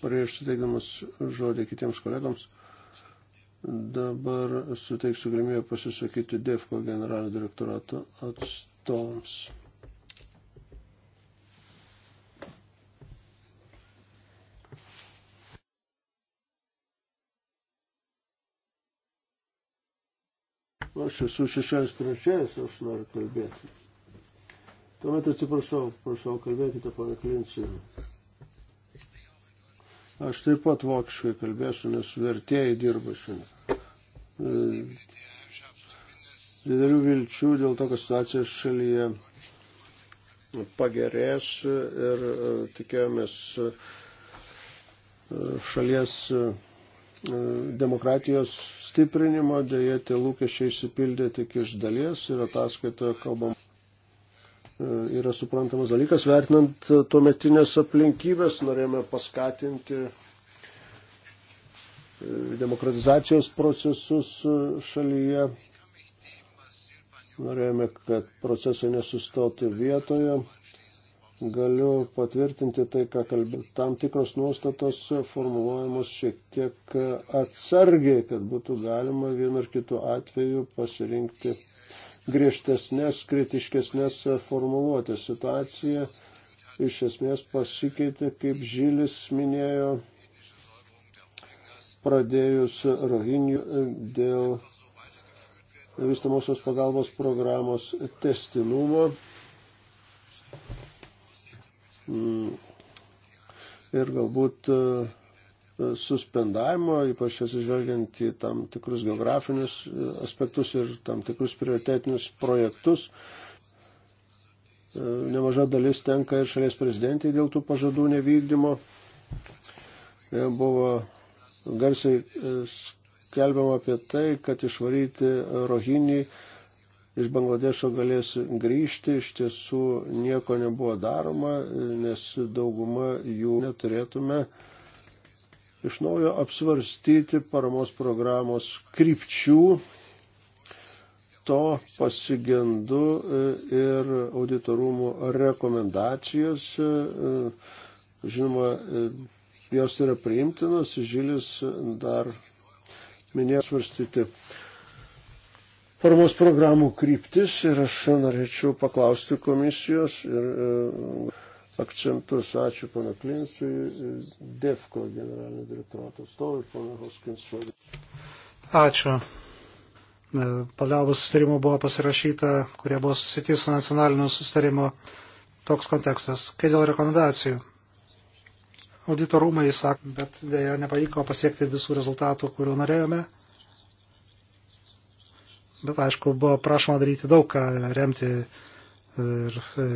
[SPEAKER 2] prieš suteikdamas žodį kitiems kolegams. Dabar suteiksiu galimybę pasisakyti DEFCO generalinio direktorato atstovams. Aš esu šešėlis pranešėjas, aš noriu kalbėti. Tuomet atsiprašau, prašau, kalbėkite, pana Klincija. Aš taip pat vokiškai kalbėsiu, nes vertėjai dirba šiandien. E, didelių vilčių dėl to, kad situacija šalyje pagerės ir e, tikėjomės e, šalies demokratijos stiprinimo, dėja tie lūkesčiai įsipildė tik iš dalies ir ataskaitoje kalbam. E, yra suprantamas dalykas, vertinant tuometinės aplinkybės, norėjome paskatinti e, demokratizacijos procesus e, šalyje. Norėjome, kad procesai nesustotų vietoje, galiu patvirtinti tai, ką kalbėjau. Tam tikros nuostatos formuluojamos šiek tiek atsargiai, kad būtų galima vienu ar kitu atveju pasirinkti griežtesnės, kritiškesnės formuluotės. Situacija iš esmės pasikeitė, kaip Žilis minėjo, pradėjus Rohinių e, dėl vystamosios pagalbos programos testinumo Mm. ir galbūt e, suspendavimo, ypač atsižvelgiant į tam tikrus geografinius e, aspektus ir tam tikrus prioritetinius projektus. E, nemaža dalis tenka ir šalies prezidentai dėl tų pažadų nevykdymo. Buvo garsiai skelbiama apie tai, kad išvaryti rohinį iš Bangladešo galės grįžti, iš tiesų nieko nebuvo daroma, nes dauguma jų neturėtume iš naujo apsvarstyti paramos programos krypčių. To pasigendu e, ir auditorumų rekomendacijos. E, žinoma, e, jos yra priimtinos, Žilis dar minėjo svarstyti paramos programų kryptis ir aš norėčiau paklausti komisijos ir e, akcentus. Ačiū pana Klinsui, DEFCO generalinio direktorato atstovui, pana Hoskinsui.
[SPEAKER 3] Ačiū. E, paliaubų sustarimų buvo pasirašyta, kurie buvo susityti su nacionaliniu sustarimu. Toks kontekstas. Kai dėl rekomendacijų? Auditorumai sako, bet dėja nepavyko pasiekti visų rezultatų, kurių norėjome bet aišku, buvo prašoma daryti daug ką remti. Ir, e,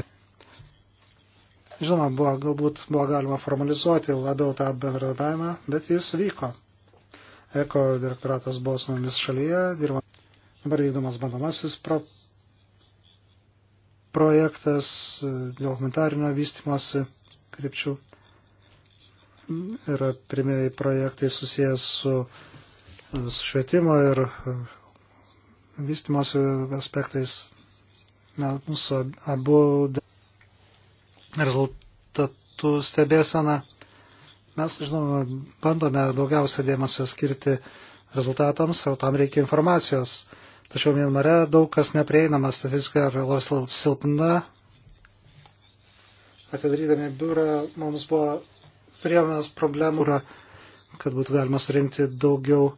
[SPEAKER 3] žinoma, buvo, galbūt buvo galima formalizuoti labiau tą bendradarbiavimą, bet jis vyko. Eko direktoratas buvo su mumis šalyje, dirbo dabar vykdomas bandomasis pro, projektas e, dėl humanitarinio vystimosi krypčių. Yra pirmieji projektai susijęs su, e, su švietimo ir vystimosi aspektais mūsų abu rezultatų stebėsena. Mes, žinoma, bandome daugiausia dėmesio skirti rezultatams, o tam reikia informacijos. Tačiau Mienmare daug kas neprieinama, statistika yra silpna. Atidarydami biurą mums buvo priemonės problemų, kad būtų galima surinkti daugiau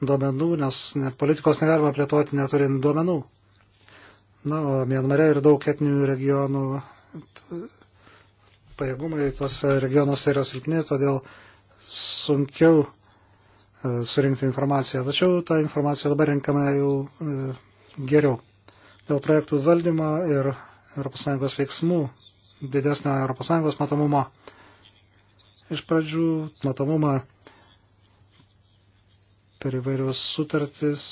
[SPEAKER 3] duomenų, nes net politikos negalima plėtoti neturint duomenų. Na, o Mienmare ir daug etninių regionų pajėgumai tuose regionuose yra silpni, todėl sunkiau e, surinkti informaciją. Tačiau ta informacija dabar renkama jau e, geriau. Dėl projektų valdymo ir ES veiksmų, didesnio ES matomumo. Iš pradžių matomumą per įvairius sutartis,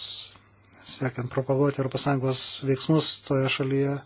[SPEAKER 3] siekiant propaguoti ES veiksmus toje šalyje